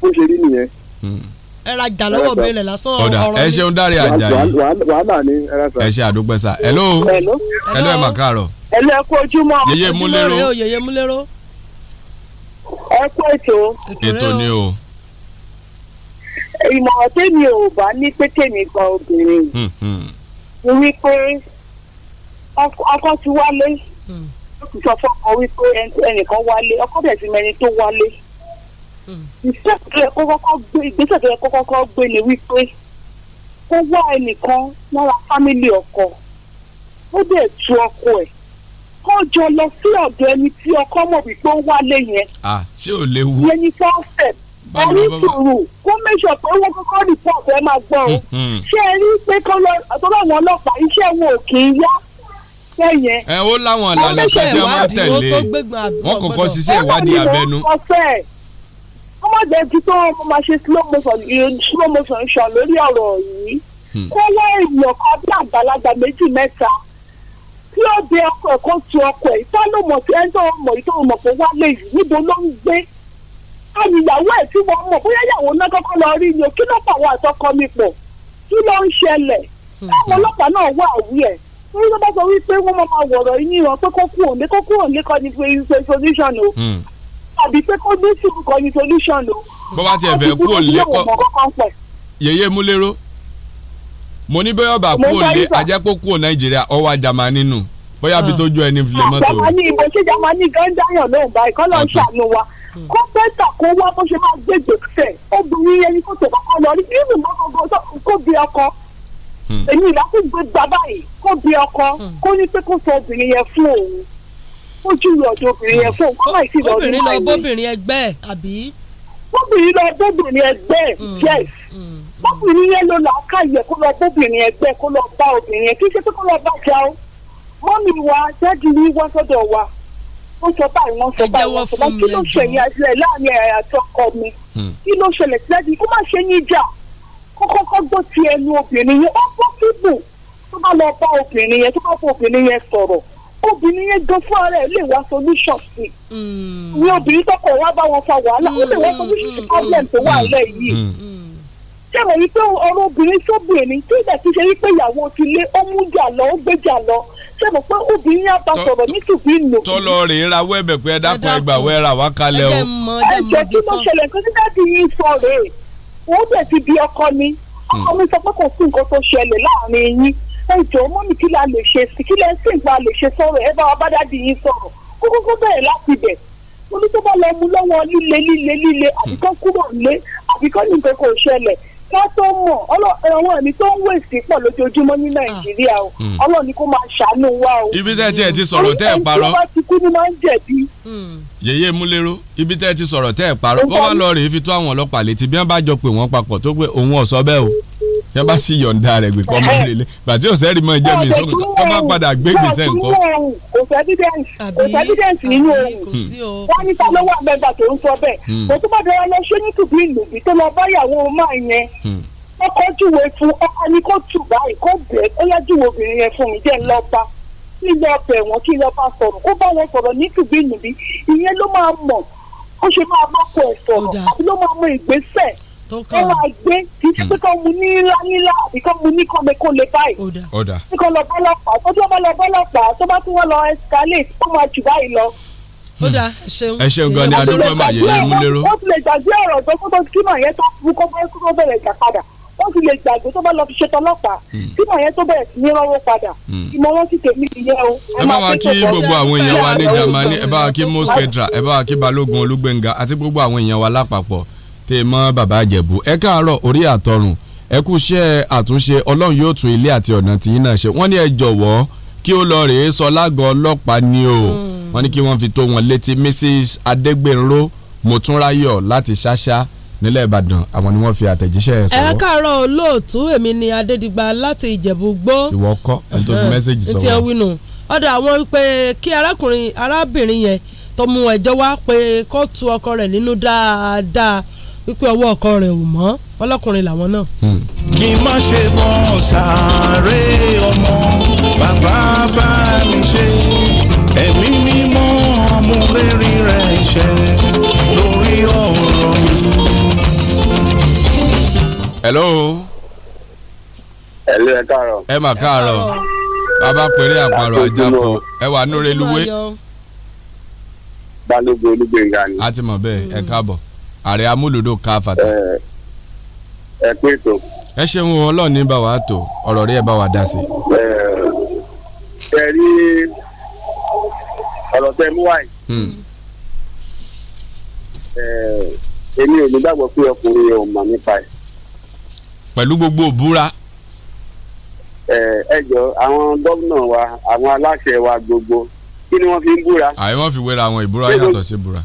S1: bó ṣe rí nìyẹn. Hmm.
S2: ẹ ra jà lọ́wọ́ obe rẹ lásán ọ̀rọ̀ mi. ẹ ṣeun dárí Àjàyí.
S1: wàhálà ni ẹ ra sàn. ẹ ṣe àdúpẹ́ sà. hello hello ẹ mà káàárọ̀.
S2: hello ẹ kú ojúmọ́. yèyé múlẹ́rọ. yèyé múlẹ́rọ. ẹ kú ètò. ètò ni o. ìmọ̀ràn tèmi ò bá ní pé tèmi gan obìnrin. Hmm, hmm. wípé ọkọ ti wálé hmm. ó ti sọ fọkàn wípé ẹnìkan wálé ọkọ bẹ̀rẹ̀ sí mẹni tó wálé hmm. ìgbésẹ̀ tó yẹ kó kọ́kọ́ gbé ni wípé kó wá ẹnìkan lára fámìlì ọkọ ó dẹ̀ tu ọkọ ẹ̀ kó jọ lọ sí ọ̀dọ̀ ẹni tí ọkọ mọ̀ wípé ó wálé yẹn.
S5: à ò léwu.
S2: yẹn ni fọ́ọ̀sẹ̀ orí sùúrù kó mẹ́sọ̀ pé wọ́n kọ́kọ́ rìpọ́ọ̀tù ẹ máa gbọ́ o hmm, ṣé ẹ rí pé kọ́lọ́ àtọ́lọ́wọ́n ọlọ́pàá iṣẹ́ wọn ò kì í yá ṣiṣẹ́ yẹn. ẹ ó láwọn ìlànà kan tí a máa tẹ̀lé
S1: wọn kọ́kọ́ ṣiṣẹ́ ìwádìí abẹ́nú.
S2: wọ́n má jẹ́ kí tó máa ṣe slow motion ṣàn lórí ọ̀rọ̀ yìí. Hmm. kó wọ́n èèyàn kan bí àgbàlagbà méjì mẹ́ta tí ó de ọkọ̀ ẹ̀kọ́ tu ọkọ̀ ẹ̀ sálọ mọ̀ sí ẹni tó mọ̀ yìí tó mọ̀ pé wálé yìí níbo ló ń gbé. àníyàwó ẹ̀ tí wọ́n mọ̀ bóyá ìyàwó náà kọ́kọ́ lọ rí ni o kí ló pàwọ́ àtọkọ mi pọ̀ kí ló ń ṣẹlẹ̀. Hmm. táwọn ọlọ́pàá náà wà òwú ẹ̀ torí ló bá sọ wípé wọ́n máa wọ̀rọ̀ yín lọ pé kó kú òǹdé kó kú òǹdé kọ́ ni pé solution o hmm. àbí pé kó ní sùúrù kọ́ ni solution o.
S1: bó bá tiẹ̀ fẹ́ kú òǹdé kọ́ yèyé múlẹ́rọ́ mo ní bóyá ọba kú òǹdé ajẹ́pọ̀ kú ò nàìjíríà ọwọ́ àjàmá nínú bóyá bí ah. tó jọ ẹni filẹ̀ mọ́tò. àjàmání
S2: ìbò ṣé jàmání gan dáyàn lóun báyìí kọ́ lọ́ọ́ ṣàánú wa hmm. kó bẹ́tà kó wá bó ṣe máa gbé gbèsè obìnrin yẹn ni kó tó kọ́kọ́ lọ rí bí ìmùmọ́ gbogbo tó kó bí ọkọ Hmm. èmi ìlà kó gbé gbà báyìí kó bí ọkọ hmm. kó ní pé kó sọ obìnrin yẹn fún òun ó jù lọ ọ̀dọ̀ obìnrin yẹn fún òun kó láì sí lọ ọdún láì ní. bóbìnrin ẹgbẹ́ ẹ̀ àbí. bóbìnrin lọ bóbìnrin ẹgbẹ́ hmm. yes bóbìnrin yẹn ló là á káyè kó lọ bóbìnrin ẹgbẹ́ kó lọ bá obìnrin yẹn kí ṣe pé kó lọ bá jà ó mọ́mí wa jáde ní wá sọ́dọ̀ wa ó sọ báyìí wọ́n sọ báyìí wọ́n sọ báyìí kí ló ṣẹ̀yìn àti ẹ̀ láàrin àtọkọ mi kí ló ṣẹlẹ̀ sílẹ̀ kó má ṣe yín jà kọ́kọ́ gbọ́ ti ẹnu obìnrin yẹn ó gbọ́ síbù tó bá lọ bá obìnrin yẹn tó bá fọ obìnrin yẹn sọ̀rọ̀ obìnrin yẹn gan fún ara ẹ̀ lè wá solution sí i hmm. ní obìnrin tọkọ wá bá wọn fa wàhálà ó lè wá hmm. solution sí hmm. problem tó wà lẹ́ yìí ṣé mo rí pé ọ̀rọ̀ obìnrin sóbìnrin tí ìgbà tí ṣe rí pé ìyàwó ti lé ó mú jà lọ ó gbé jà lọ ṣé mo pé obìnrin yà bá sọ̀rọ̀ ní tùbí nù. tọ́lọ
S1: rè é ra wẹ́ẹ̀bẹ̀ pé ẹ dákun ẹgbàá wẹ́ẹ́ rà wá kalẹ̀ o.
S2: ẹ jẹ́ kí mo ṣẹlẹ̀ kó sídàdí yín sọ rèé wọ́n dẹ̀ ti di ọkọ mi hmm. ọkọ mi sọ pé kò sí nǹkan tó ṣẹlẹ̀ láàrin yín ẹ jọ̀ọ́ mọ́mí kí la lè ṣe sí kí lẹ́ ń sìn gba lè ṣe sọ̀rọ̀ ẹ bá wa bá dáàdi yín sọ̀rọ̀ kókókó bẹ̀rẹ̀ láti bẹ̀ oní tó bá lọ mú lọ́wọ́ líle líle líle àbíkọ́ kúrò lé àbíkọ́ nìkan kò ṣẹlẹ̀ ká tó mọ̀ àwọn ẹ̀mí tó ń wèsì pọ̀ lójoojúmọ́ ní nàìjíríà o hmm. Hmm. ọlọ́run ni máa ṣàánú wa o. ibi tẹ́ ti ẹ̀ ti sọ̀rọ̀ tẹ́ ẹ̀ parọ́. ẹni tó bá ti kú ni máa ń jẹ̀bi. Hmm.
S1: yèyé múlẹ́rọ́ ibi tẹ́ ti sọ̀rọ̀ tẹ́ ẹ̀ parọ́ bó wá lọ rèé fi tó àwọn ọlọ́pàá létí bí wọ́n bá jọ pé wọ́n papọ̀ tó pé òun ọ̀sọ́ bẹ́ẹ̀ o yẹn bá sì yọ̀ǹda rẹ̀ gbé kọ́ máa lélẹ̀ bàtí òsè rí mọ́ ẹjẹ́ mi sókè tó bá padà gbé gbèsè nǹkan.
S2: kò sí evidence nínú ohun wọn ní ta ló wà mẹ́ta tó ń sọ bẹ́ẹ̀ hmm. kò tó bá dẹ́rẹ́ lọ ṣé ní tùbí ìlòbí tó lọ báyàwó máa yẹn ọkọ hmm. júwe fún ọkọ ni kò tù báyìí kò bẹ́ẹ̀ ó yá júwe obìnrin yẹn fún mi jẹ́ ńlọ bá kí lọ bẹ̀ wọ́n kí lọ bá sọ̀rọ̀ kó bá wọn sọ̀rọ̀ ní tùbí ìlòbí ìyẹn ló máa mọ̀ ó ṣe máa bá pọ̀ sọ̀rọ̀ àbí ló máa mọ ìgbésẹ̀ tó kàn án. ó máa gbé kì í ṣe pé kó mu ní ńlá ńlá àbí kó mu ní kọ́mẹkọ́lẹ báyìí. ó dà tí kò lọ bọ́lọ́pàá tó tó bá lọ bọ́lọ́pàá tó bá tún wọ́n lọ escalate ó máa jù báyìí lọ. ó dà ṣeun
S1: ẹ ṣeun gan ni adúgbò máa yẹ yẹn mú lérò. ó ti
S2: lè gbàgbé ọ̀rọ̀ tó kó tó kí màá yẹn tó kú kó bá kó bẹ̀rẹ̀ jà padà ó ti lè gbàgbé tó bá lọ fi ṣe tọlọ́pàá hmm. kí yẹn tó bẹ̀rẹ̀ sí ní rọ́wọ́ padà hmm. ìmọ̀ràn sì tèmi nìyẹn o. ẹ bá wa kí gbogbo àwọn èèyàn wa ní Germany ẹ bá wa kí moskedra
S1: ẹ bá wa kí balógun olúgbẹ̀ngà àti gbogbo àwọn èèyàn wa lápapọ̀ tè mọ́ bàbá àjẹ̀bù ẹ káàárọ̀ orí àtọrùn ẹ kú iṣẹ́ àtúnṣe ọlọ́run yóò tún ilé àti ọ̀nà tìyín náà ṣe wọ́n ní ẹ jọ̀wọ́ kí ó lọ rèé sọ lágọ̀ọ́ ọlọ́pàá ni o hmm. wọ́n ní kí wọ́n fi tó wọn létí Mrs Adégbènró Mòtúnráyọ̀ láti ṣáṣá nílẹ̀ Ìbàdàn àwọn ni wọ́n fi àtẹ̀jíṣẹ́ ẹ̀ sọ̀rọ̀. ẹ
S6: káàárọ̀ olóòtú èmi ni Adédigba láti Ìjẹ̀bú Gbó.
S1: ìwọ kọ ẹni tó fi mẹ́sẹ̀gì sọ wa. ti ẹ
S6: winu ọ̀dọ̀ àwọn pé kí arákùnrin arábìnrin yẹn tó mú ẹjọ́ wá pé kó tu ọkọ rẹ̀ nínú dáadáa wípé ọwọ́ ọkọ rẹ̀ ò mọ́ wọn làwọn náà. Hmm. kí n má ṣe mọ sàárè ọmọ
S4: bàbá bá mi ṣe ẹ̀mí mímọ́ ọmọlérí rẹ̀ ṣẹ lórí ọ̀rọ̀
S1: mi. hello. hello ẹ káàárọ̀. ẹ mà káàárọ̀ bàbá péré àparò àjàpọ̀ ẹ wà nírèlúwé. balógun olúgbèǹga a ti mọ̀ bẹ́ẹ̀ ẹ káàbọ̀ ààrẹ amúlòdó ká fàtà. ẹ pé tó. ẹ ṣeun ọlọ́run ní bá wa tó ọ̀rọ̀ rí ẹ bá wa dá sí.
S2: ẹ rí ọ̀rọ̀ tẹ mú wáyé. Hmm. èmi ò ní gbàgbọ́ pé ọkùnrin yẹn ò mọ̀ nípa
S1: ẹ̀. pẹ̀lú gbogbo òbúra
S2: ẹ jọ àwọn gómìnà wa àwọn aláṣẹ wa gbogbo kí ni wọ́n fi ń búra.
S1: àyè wọ́n fi wéra àwọn ìbúra yàtọ̀ sí búra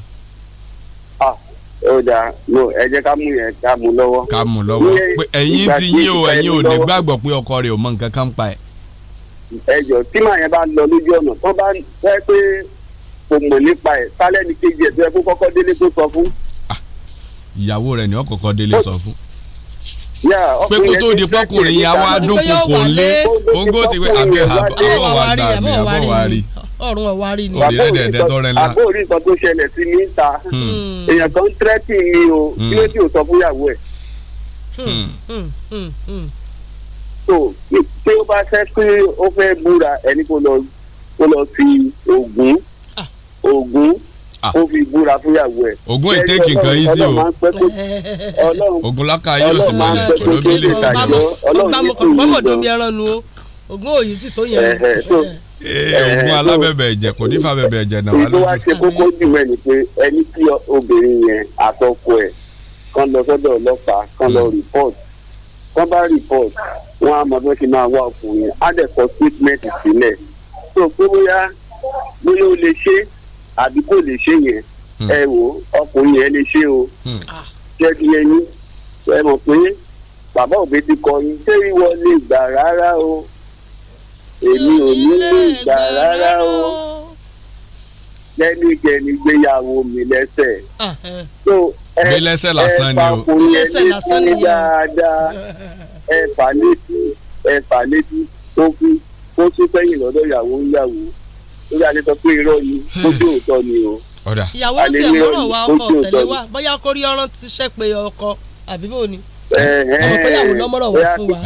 S2: ó da no ẹ jẹ́ ká mú yẹn ká mú lọ́wọ́.
S1: ká mú lọ́wọ́ pé ẹ̀yin ti yín o ẹ̀yin ò ní gbàgbọ́ pé ọkọ rẹ̀ ò mọ nǹkan kan pa ẹ̀.
S2: ẹ jọ tí màá yẹn bá ń lọ lójú ọ̀nà tó bá fẹ́ pé kò mọ̀ nípa ẹ̀ sálẹ̀ ní kejì ẹ̀ tó yẹ kó kọ́kọ́ délé kó sọ fún. Ah,
S1: ìyàwó rẹ̀ ni ó kọ́kọ́ délé sọ fún pé kó tó di pọ́kùnrin yà wá dúnkù kò lé ogó ti wé àgẹ̀hà bọ́ wà gbà àbọ̀ wà rí
S2: ọ̀run ọ̀wá rí ni. àbórí nǹkan tó ṣẹlẹ̀ sí mi ta hmm. èèyàn kan tírẹ́tì mi o hmm. kí ló dé ò sọ fúnyàwó ẹ̀. Hmm, so tí ó bá fẹ́ pé ó fẹ́ búra ẹni kó lọ kó lọ fi oògùn oògùn
S1: ah. ah. ó fi búra fúnyàwó ẹ̀. oògùn ìtẹ́kì nǹkan yìí sí o oògùn lákà yóò sì máa yẹ pẹ̀lú bílẹ̀ ìtajà ọlọ́run ní kò yí lọ
S6: oògùn òyìn sì
S2: tó yẹ.
S1: Eh, eh, oògùn alábẹ̀bẹ̀ ẹ̀jẹ̀ kò ní fa bẹ̀bẹ̀ ẹ̀jẹ̀ náà wà lójú. ìgbówá
S2: ṣe kókó jù mẹ́ ni pé ẹni tí obìnrin yẹn àtọkọ ẹ̀ kán lọ sọ́dọ̀ ọlọ́pàá kán lọ hmm. report kán bá report wọ́n á mọ bí wọ́n ti máa wá ọkùnrin á dẹ̀ kọ statement sílẹ̀ tó pé bóyá bóyá ó lè ṣe àbí kò lè ṣe yẹn hmm. ẹ wò ọkùnrin yẹn lè ṣe o hmm. ah. jẹ́ kí ẹni ẹ mọ̀ pé bàbá òbí ti kọrin ṣé ìwọ lè gbà rárá o èmi ò ní lè gbà rárá o lẹ́nìkẹ́ni gbéyàwó mi lẹ́sẹ̀ so ẹ ẹ pa ọkùnrin ẹni fún mi dáadáa ẹ fà létí ẹ fà létí tó kú kó tún sẹ́yìn lọ́dọ̀ ìyàwó ìyàwó lórí àti sọ pé irọ́ ni kójú òótọ́ ni o.
S6: ìyàwó tí ẹ̀ mọ́rọ̀ wa ọkọ tẹ̀lé wa bóyá kórí ọ̀rọ̀ ti ṣẹ́ pé ọkọ àbí bò ni.
S1: àwọn pẹ́yàwó lọ́mọ́rọ̀ wá fún wa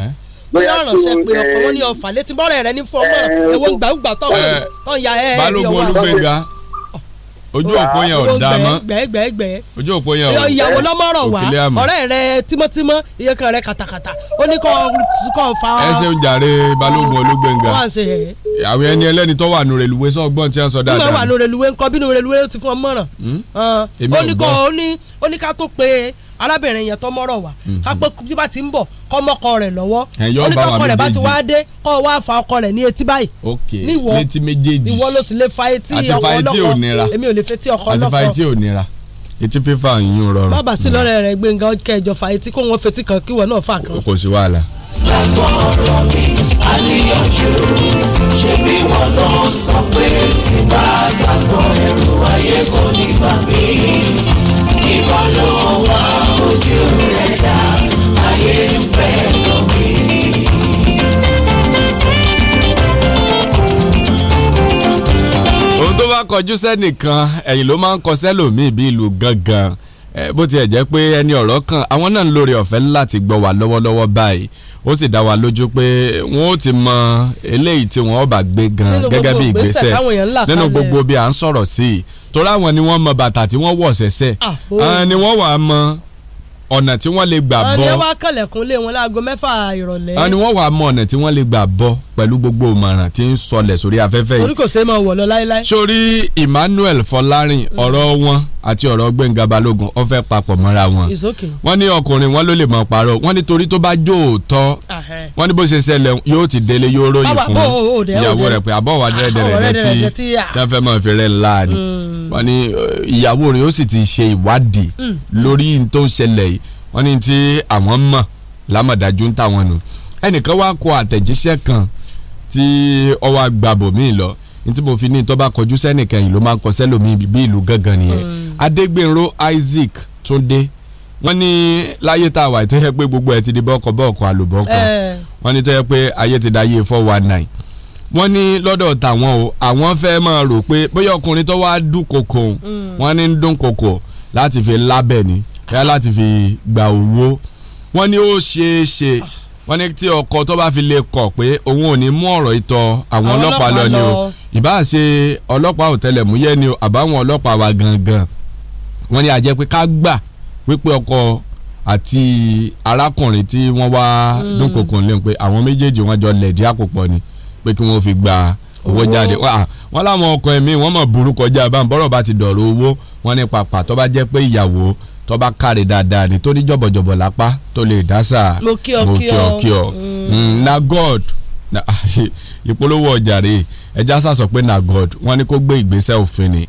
S6: bóyá ránṣẹ́ pé ọkọ ní eh, ọfà létí bọ́ọ̀rẹ̀ rẹ ní fún ẹ̀wọ̀n eh, gbàgbà tọ́ ya ẹ̀ ẹ̀ rí ọwọ́ àgbẹ̀gbà
S1: ojú òpó yẹn ò dá mọ́ ojú òpó yẹn ò dá mọ́ ìyàwó lọ́mọ́rọ̀ wá ọ̀rẹ́
S6: rẹ tímọ́tímọ́ iye rẹ kàtàkàtà
S1: ó ní kọ́ fa. ẹ ṣe ń jàre balógun olúgbẹ̀ngà àwọn ẹni ẹlẹ́ni tó wà nù rẹ̀lúwé sọ tí wọ́n sọ dáadáa. nígbà wà nù
S6: rẹ̀lúwé ńkọ bínú rẹ̀lúwé ti fún ọ mọ̀ràn. Hmm? ó ní kọ́ ó ní ká tó pe arábìnrin yẹn tó mọ́rọ̀ wá hmm. kápẹ́ tí bá ti ń bọ̀ kọ́ mọ́kọ rẹ̀ lọ́wọ́ onítọ́kọ rẹ̀ bá ti wá dé kọ́ wá fa ọkọ rẹ̀ ní etí
S1: báyìí níwọ̀ ìwọ
S6: ló sì lè fa etí ọkọ ọlọ́kọ èmi
S1: ò lè fetí ọkọ ọlọ́kọ etí fífa yín rọrùn. bàbá
S6: sí lọ́rẹ̀ rẹ̀ gbẹ̀ngàn kẹjọ fa etí kó wọn
S1: fetí kan kí wọn náà fà kan. kò sí wàhálà lágbọ́n ọ̀rọ̀ mi
S9: àníyànjú ṣé bí wọ́n lọ sọ pé tí bá gbàgbọ́ ẹ̀
S1: kọjú sẹ́nìkan ẹ̀yìn ló máa ń kọ sẹ́lòmíì bí ìlú gangan bó tiẹ̀ jẹ́ pé ẹni ọ̀rọ̀ kan àwọn náà ń lórí ọ̀fẹ́ láti gbọ́ wà lọ́wọ́lọ́wọ́ báyìí ó sì dá wa lójú pé wọn ó ti mọ eléyìí tí wọn bá gbé gan gẹ́gẹ́ bí ìgbésẹ̀ nínú gbogbo bí à ń sọ̀rọ̀ sí i torí àwọn ni wọ́n mọ bàtà tí wọ́n wọ̀ sẹ́sẹ̀ ah, oh. ni wọ́n wà á mọ ọ̀nà tí wọ́n lè gbà bọ́. ọ̀nà wa
S6: kànlẹ̀kùn lé wọn láago mẹ́fà ìrọ̀lẹ́. ọ̀nà
S1: wọn wàá mọ ọ̀nà tí wọ́n lè gbà bọ́ pẹ̀lú gbogbo ìmọ̀ràn tí ń sọlẹ̀ sórí afẹ́fẹ́ yìí. orí kò ṣeé máa wọ̀ lọ láéláé. sórí Emmanuel Fọlárin mm. ọ̀rọ̀ wọn àti ọ̀rọ̀ Gbẹ̀ngà Balógun ó fẹ́ papọ̀ mọ́ra wọn. It's okay. wọ́n ní ọkùnrin wọn ló lè mọ̀ parọ́ wọ́n ní torí tó bá jó òótọ́ wọ́n ní bó ṣe ṣẹlẹ̀ yóò ti délé yóò ròyìn fún ìyàwó rẹ̀ pé àbọ̀ ah, dẹ́rẹ́dẹ́rẹ́ rẹ̀ tí ah. fẹ́ mọ̀ fi rẹ̀ ńlá ni mm. wọ́n ní eh, ìyàwó rẹ̀ ó sì ti ṣe ìwádìí mm. lórí tó ṣẹlẹ̀ yìí wọ́n ní tí àwọn mọ̀ lámọ̀dájú ń tà wọ́n nù ẹnìkan wá kọ àtẹ̀jíṣẹ́ kan tí ọwọ́ agbábọ̀ mi lọ ní tí mo fi ní tọ́ba kọjú sẹ́nìkan yìí ló máa kọ sẹ́lòmíì bí ìlú gangan nìyẹn mm. Adégbènró Isaac Túndé wọ́n ní láyé tá a wà tó yẹ pé gbogbo ẹ̀ ti di bọ́ọ̀kọ̀ bọ́ọ̀kọ̀ àlùbọ́ọ̀kọ̀ eh. wọ́n ní tó yẹ pé ayé ti da ayé four one nine wọ́n ní lọ́dọ̀ tàwọn o àwọn fẹ́ máa rò pé bóyá ọkùnrin tó wá dúnkokò mm. wọ́n ní dúnkokò láti fi lábẹ́ ni bẹ́ẹ̀ láti fi gba owó wọ́n ní ó ṣeé ṣe wọ́n ni tí ọkọ tó bá fi lè kọ̀ pé òun ò ní mú ọ̀rọ̀ ìtọ́ àwọn ọlọ́pàá lọ ni o ìbá ṣe ọlọ́pàá ọ̀tẹlẹ̀múyẹ́ ni o àbáwọn ọlọ́pàá wa gangan wọ́n ní àjẹ́ pé ká gbà wípé ọkọ àti arákùnrin tí wọ́n wá hmm. dúnkòkò lé pé àwọn méjèèjì wọ́n jọ lẹ̀dí àpòpọ̀ ni pé kí wọ́n fi gba owó jáde wọ́n láwọn ọkọ ẹ̀mí wọ́n mọ̀ burú kọjá bá ń bọ́rọ̀ bá ti dọ̀rọ̀ owó wọ́n ní pàpà tó bá jẹ́ pé ìyàwó tó bá kárí dáadáa ni tó ní jọ̀bọ̀jọ̀bọ̀ lápá tó lè dásà mo kí ọ kí ọ na god ìpolówó ọjà rèé ẹja sàsọ pé na god wọ́n ní kó gbé ìgbésẹ̀ òfin ni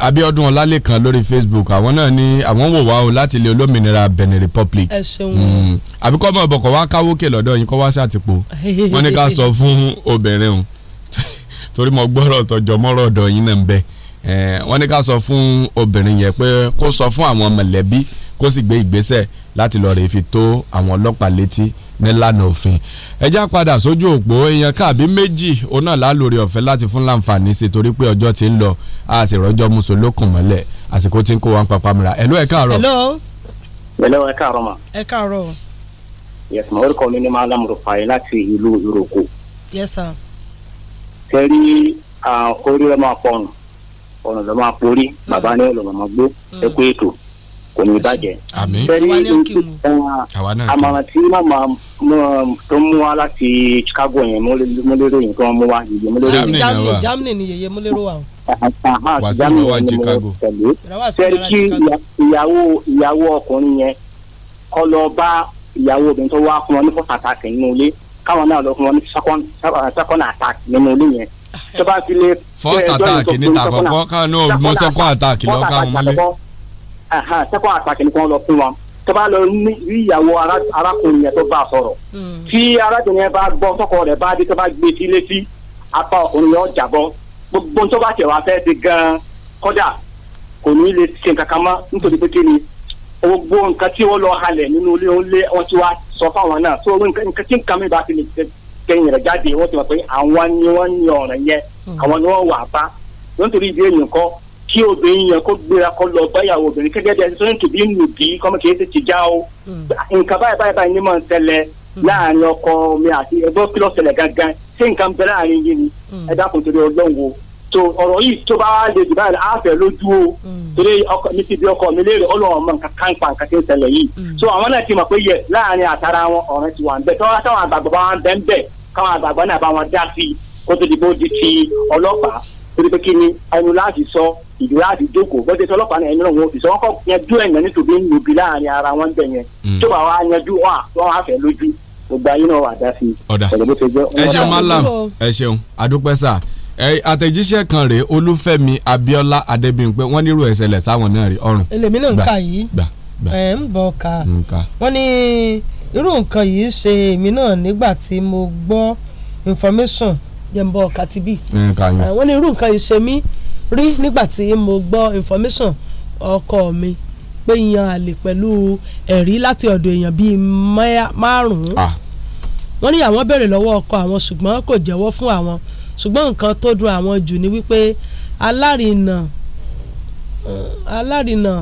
S1: Abíọ́dún Ọlálékan lórí Facebook àwọn náà ní àwọn wò wá o láti ilé olómìnira Benin Republic mm. àbíkọ́ ọmọ ọ̀bọ̀kọ̀ wá káwókè lọ́dọ̀ yín kọ́ wá sàtìpó wọ́n ní ká sọ fún obìnrin o torí mo gbọ́rọ̀ tọjọ́ mọ́rọ̀ ọ̀dọ̀ yín náà ń bẹ́ẹ̀ wọ́n ní ká sọ fún obìnrin yẹn pé kó sọ fún àwọn mọ̀lẹ́bí kó sì gbé ìgbésẹ̀ láti lọ rèé fi tó àwọn ọlọ́pàá létí nílànà òfin ẹjá padà sójú òpó èèyàn káàbí méjì òun náà lálórí ọ̀fẹ́ láti fún láǹfààní sí torí pé ọjọ́ ti ń lọ a sì rọ́jọ́ musolókùn mọ́lẹ̀ àsìkò tí ń kó wọn papá mìíràn ẹ̀lú ẹ̀ káàárọ̀. ẹ̀lọ́. ẹ̀lọ́ ẹ̀ káàárọ̀ ma. ẹ̀ káàárọ̀. yẹ̀sùn orúkọ mi ni
S2: máa lámùrò fààyè láti ìlú ìrókò. yẹ́sà. tẹ́rí orí rẹ̀ máa pọ̀nù ọ̀nà lọ́mọ àpórí bàbá mm. ní ọ̀nà lọ́mọ gbó mm. ẹ kú ètò kò ní bàjẹ́. bẹ́ẹ̀ni àmàmà tí màmá tó mú wa láti Chicago yẹn mo lérò yìí tó mú wa yìí mo lérò yìí.
S6: Germany ni yèyé mo lérò wa o.
S2: Germany wa Chicago. sẹ́rí kí ìyàwó ìyàwó ọkùnrin yẹn kọ́ lọ bá ìyàwó obìnrin tó wá fún wọn ní fọ́tàtàkì nínú ilé káwọn náà lọ fún wọn ní second attack nínú ilé yẹn tó bá ti lè. first attack níta àkọ́kọ́ kan náà mo second attack lọ ká wọn lé. second attack ni wọ́n lọ fún wọn tó bá lọ rí ìyàwó arákùnrin yẹn tó bá a sọ̀rọ̀ hmm. tí arákùnrin yẹn bá gbọ́ tọkọ rẹ̀ bá dé tó bá gbé sí létí apá ọkùnrin yẹn ọjà bọ́ gbogbo tó tẹ̀ wá fẹ́ di gan-an kọ́dà kò ní lè ṣe nǹkan kan mọ́ nítorí pé kí ni gbogbo nǹkan tí wọ́n lọ halẹ̀ nínú ilé wọn ti wá sọ fáwọn náà tó nǹkan tí nǹkan mi bá ti lè kẹyìn rẹ jáde wọ́n ti mọ̀ pé àwọn ni wọ́n ń yan ọ̀ràn yẹn hmm. àwọn ni wọ́n wà bá nítorí ìdí èyí nǹkan kí obìnrin yẹn kó gbéra kó lọ báyàwó obìnrin gẹ́gẹ́ bí ẹni tó ní tòbí nù bí kọ́mọ kìí ṣe ti já o hmm. nǹkan báyìí báyìí báyìí ni mò ń tẹ́lẹ̀ hmm. láàrin ọkọ mi àti ẹgbẹ́ kí ṣẹlẹ̀ gangan ṣé nǹkan bẹ láàrin yìí ni ẹ dákun torí ọlọ́run wo tó ọ̀rọ̀ yìí tó bá lè jù báyìí á lójú o mm. torí ọkọ mi ti di ọkọ mi léèrè ó lọ́wọ́ mọ nǹkan kan pa nǹkan tí ń ṣẹlẹ̀ yìí mm. so àwọn náà ti mọ̀ pé yẹ láàrin àtàrà wọn ọ̀rẹ́ ti wà ń bẹ tọ́wọ́ táwọn àgbàgbọ́ bá wọn bẹ́ẹ̀ bẹ́ẹ̀ káwọn àgbàgbọ́ náà bá wọn dá sí i kó tó di bó di ti ọlọ́pàá torí pé kí ni ẹnu láti sọ ìlú láti jókòó bọ́dé tí ọlọ́pàá náà ẹni náà wọ́n fi sọ wọ́n kọ́ yanjú ẹ̀yàn nítorí ń lòbí láàrin ara wọn bẹ̀ yẹn mm. tó bá wa wà dá sí i. ọ̀dà ẹ ṣeun malam
S1: ẹ ṣeun adúpẹ́ sáà àtẹ̀jíṣẹ́ kan rèé olúfẹ́mi abíọ́lá adébíyìnpé wọ́n nírò ẹ̀sẹ̀lẹ̀ sáwọn náà rí ọrùn. èlèmi náà ń kà yìí
S6: ẹ̀ ń bọ̀ ká wọ́n ní irú nǹkan yìí ṣe èmi náà nígbà tí mo gbọ́ information jẹ́ ń bọ̀ ká ti bí. wọ́n ní irú nǹkan yìí ṣe mí rí nígbà tí mo gbọ́ information ọkọ mi pé yan àlè pẹ̀lú ẹ̀rí láti ọ̀dọ̀ èèyàn bíi márùn-ún ah. wọ́n ní àwọn béèrè lọ́wọ́ ọkọ àwọn ṣùgbọ́n kò jẹ́wọ́ fún àwọn ṣùgbọ́n nǹkan tó dùn àwọn jù ni wípé alárinà alárinà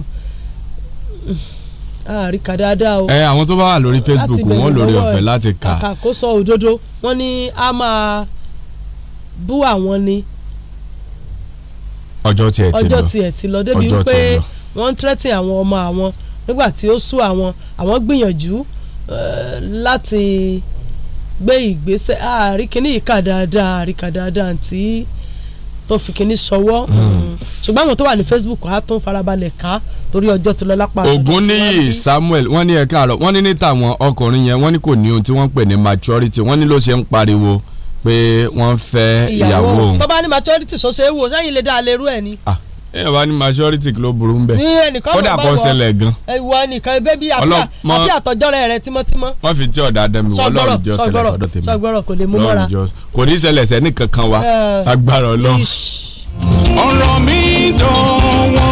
S6: àríkà dáadáa o. ẹ àwọn tó bá wà lórí Facebook wọn lórí ọ̀fẹ́ láti kà. kàkà kó sọ òdodo wọn ni a máa bú àwọn ni.
S1: ọjọ́ tiẹ̀ ti lọ ọjọ́
S6: tiẹ̀ ti lọ débi wípé wọ́n ń tẹ́tí àwọn ọmọ àwọn nígbà tí ó sú àwọn àwọn gbìyànjú eh, láti gbé ìgbésẹ̀ àárí kíní ìka dáadáa àríkà dáadáa àǹtí tó fi kíní ṣọwọ́ hmm. Hmm. ṣùgbọ́n àwọn tó wà ní Facebook á tún farabalẹ̀ ká torí ọjọ́ ti lọ lápá.
S1: ògùn níyì Samuel wọ́n ní ẹ káàárọ̀ wọ́n ní ní tàwọn ọkùnrin yẹn wọ́n ní kò ní ohun tí wọ́n pè ní maturity wọ́n ní ló ṣe ń pariwo pé wọ́n fẹ́ ìyàwó òun. tó bá
S6: ní maturity sọ ṣe é wò sẹ́yìn lè dá a lérú ẹ̀ ni. ah
S1: èèyàn bá ní majority ló burú ń bẹ kódà kó ṣẹlẹ̀ gan.
S6: ìwọ nìkan bẹ́ẹ̀ bí àbí àtọ̀jọ́rẹ́ rẹ tímọ́tímọ́.
S1: wọ́n fi tí ọ̀dà dẹ́mi wọ́n lọ́rùn jọ ṣẹlẹ̀ sọ́dọ̀ tèmi sọgbọ́rọ̀ kò lè mú mọ́ra kò ní ṣẹlẹ̀ sẹ́ni kankan wa agbára ọlọ́run.
S6: ọ̀rọ̀ mi dán
S4: wọ́n.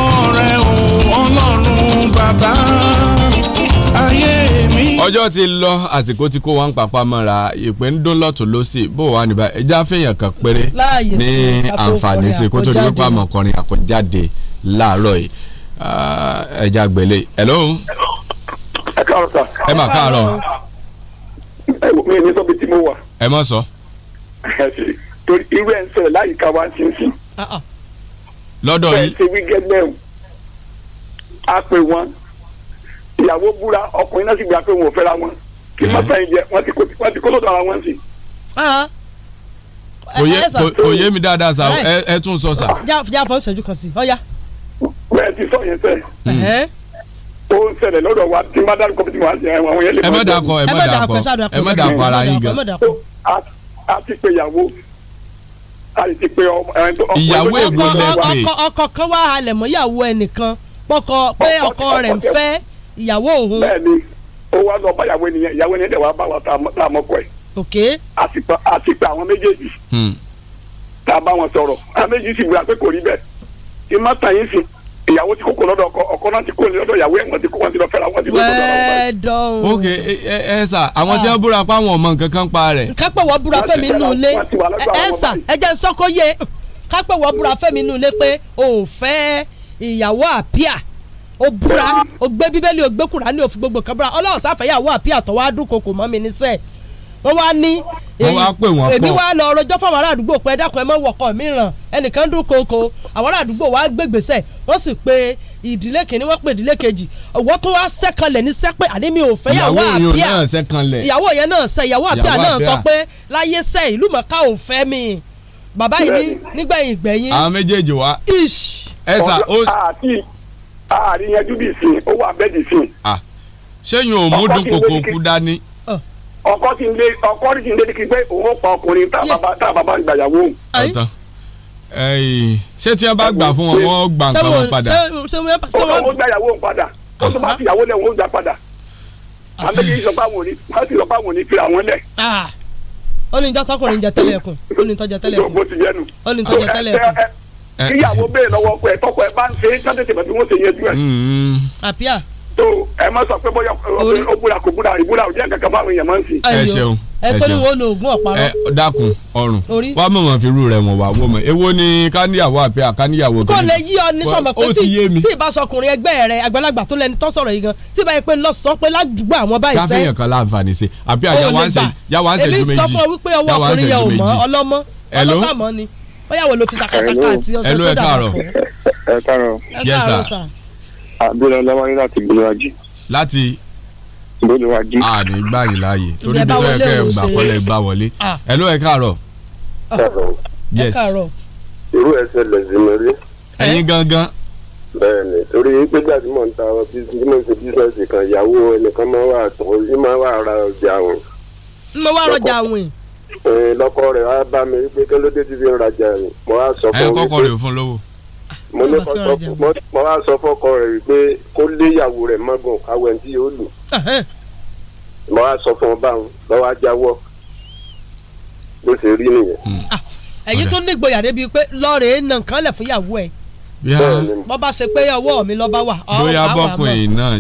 S1: ọjọ́ ti lọ àsìkò tí kò wá ń papá mọ́ra ìpè ń dún lọ́tún lọ́sì bó wà níbà ẹja fèèyàn kan péré ní àǹfààní sí kó tó di pípa àmọ̀kọrin àkọ́jáde láàárọ̀ yìí ah, ẹja gbélé. hello. ẹ káàárọ̀ sà. ẹ mà káàárọ̀. ẹ wò mí ní sọ́bi tí mo wà. ẹ mọ̀ sọ.
S2: torí irú ẹ̀ ń sọ̀rọ̀ láyìíká wa ti ń sìn. lọ́dọ̀ yìí. bẹ́ẹ̀ ṣe wí gẹ́gbẹ́ o a pè wọ́n ìyàwó búra ọkùnrin náà sì gbà pé wọn ò fẹ́ra wọn kí n má mm. fẹ́ yín jẹ wọ́n ti kó sọ́dọ̀ ara wọn sí. Ah.
S1: kò yé mi dáadáa sá ẹ tún sọ sá.
S6: já fọ ìṣẹ́jú kan sí ọ̀ya.
S1: bẹ́ẹ̀ ti sọ yẹn sẹ́ẹ̀ mm. ó ń
S2: ṣẹlẹ̀ lọ́dọ̀ wa tí n bá dárúkọ bí wọ́n á ṣe àwọn yẹn lè. ẹ má dàkọ ẹ má dàkọ ẹ má dàkọ ara yín gan. a ti pe ìyàwó
S7: a ti pe ọmọ. ìyàwó ègbó lẹ pé.
S6: ọkọ kan wá halẹ̀ mọ́ ìyàwó
S2: ẹnìkan pọkọ pé ọkọ rẹ̀ ń fẹ́ ìyàwó òun. bẹ́ẹ̀ni ó wá lọ báyàwó ènìyàn ìyàwó ènìyàn dẹ̀ bá wa tá a mọ̀ kọ́ ok. a ti pa àwọn méjèèjì. Hmm. tá a bá wọn sọ̀rọ̀ àwọn méjèèjì sì gbà pé kò rí bẹ́ẹ̀ kí má tàn yín sí ìyàwó ti kókò lọ́dọ̀ ọkọ ọkọ
S1: náà ti kó lọ́dọ̀ ìyàwó ẹ̀ wọ́n ti kó
S2: wọ́n ti lọ fẹ́ra wọ́n ti lọ́dọ̀ ọkọ. wẹ́ẹ́dọ̀ọ́.
S1: ok ẹ ẹ sà àwọn tí wọ́n búra pa ọmọ nǹkan kan pa rẹ̀.
S6: kápẹ́ wọ́n búra fẹ́mi nù lé ẹ sà ẹ jẹ́ sọ́kọ́ yé kápẹ́ wọ́n búra fẹ́mi nù lé pé òun fẹ́ ìyàwó àpíà ó búra ó gbé bíbélì ó gbé Kùránì ó fi gbogbo kan búra ọlọ́run sáfẹ́yàwó àbí àtọ̀wá dúnkokò mọ́ mi níṣẹ́ wọ́n wá ní èmi wá lọ rojọ́ fáwọn ará àdúgbò pé ẹ̀dàkùn ẹ̀ mọ́ wọ̀kọ̀ mìíràn ẹnìkan dúnkokò àwọn ará àdúgbò wa gbégbèsè wọ́n sì pe ìdílé kìíní wọ́n pè ìdílé kejì ọ̀wọ́ tó wá sẹ́kànlẹ̀ ní sẹ́pẹ́ àní mi ò fẹ́ yàwó àbíà ìyàwó yẹn náà sẹ́ ìyàwó àbíà náà sọ pé láyé sẹ́ ìlú mọ̀ká ò fẹ́
S1: mi bàbá yìí nígbẹ̀yìn gbẹ̀yìn. àwọn méjèèjì wa ẹ sà ó àríyànjú bíi sìn ó wà bẹ́ẹ̀ dì sìn. ṣéyìn ò múdùn kòkó
S2: kú dání. ọkọ tí ń lé ọkọ tí ń lé kí pé òun ó pa ọkùnrin tá a bàbá
S1: ń gbàyàwó. ṣé tí wọ́n bá gbà fún wọn wọ́n gbà nǹkan wọn padà.
S2: ó lọ wọ́n gbàyàwó òun padà ó tún bá fìyàwó lẹ̀ wọ́n gbà padà. àbẹ́kí sọ pé àwọn òní wọ́n sì sọ pé àwọn òní fi àwọn lẹ̀ ó ní tẹ́lẹ̀ ẹkùn ó tẹ́lẹ̀ ẹkùn ó tẹ́lẹ̀ ẹkùn. Eh. kíyàwó bẹ́ẹ̀ lọ́wọ́ pẹ̀ tọkọ ẹ̀ bá ń ṣe sátẹ̀tẹ̀ bàbí wọ́n ṣe yẹjú ẹ̀. Mm-hmm. àpíà. tó ẹ má sọ pé bóyá ó búra kò búra
S1: ìbúra ò jẹ́ kankan báwọn èèyàn máa ń sìn. ẹ ṣeun ẹ tó ní wo lo oògùn ọ̀parọ́. ẹ dákun ọrùn wà á mọ̀mọ́ fi rú rẹ̀ wọ̀n wá wọ́n mọ̀ ni káníyàwó àpíà káníyàwó. kò lè yí ọ ní sọmọ pé tí
S6: ìbá sọkùnrin ẹgbẹ́ rẹ àgbàlagbà tó lẹni tó sọ̀rọ̀ yìí gan tí ìbá yẹ pé lọ sọ pé ládùúgbò àwọn báyìí sẹ́. káfíńyàn
S1: kan láǹfààní sí àpíà yà wá ń sẹ̀ ju yà wá ń sẹ̀ ju èmi sọ fún ọ wípé ọwọ́ ọkùnrin yẹn ò mọ́ ọlọ́mọ ọlọ́sàmọ́
S6: ni ó yàwó ló fi sàkàsàkà àti ọsọ sọdà fún. ẹ káàárọ̀ ẹ káàárọ̀ sà.
S1: àbúrò ọlọ́wọ́rí láti gbóríwájú. láti gbóríwájú. a ní gbà yín láàyè torí bí wọ́n kẹ́ ẹ̀ gbà kọ́lẹ̀ gbà wọlé. ẹ ah. ló ẹ káàárọ̀. Ah. ẹ káàárọ̀. irú ẹsẹ̀ lẹ̀sìn mi rí. ẹ̀yin eh? gangan
S2: bẹ́ẹ̀ni torí gbégbà tí mò ń ta tí mò kan ìyàwó ẹnìkan máa wà tó máa wà ra ọjà àwìn. mo wá rọjà àwìn lọkọ rẹ̀ wá bá mi wípé kí ló dé ti fi rajà rìn mo wá sọ fún un wípé ẹ kọkọ rẹ fún lówó. mo ní mo wá sọ fọkọ rẹ̀ wípé kó léyàwó rẹ̀ mọgàn káwé tí yóò lù mo wá sọ fún un báwọn lọ́wọ́ ajáwọ́ ló ṣe rí nìyẹn.
S6: èyí ah, tó nígboyà débi pé lọ́ọ̀rẹ́ nà kán lẹ̀ fún ìyàwó ẹ̀ bọ́ bá ṣe pé ọwọ́ mi lọ́ba wà. bóyá bọ́kùnrin
S1: náà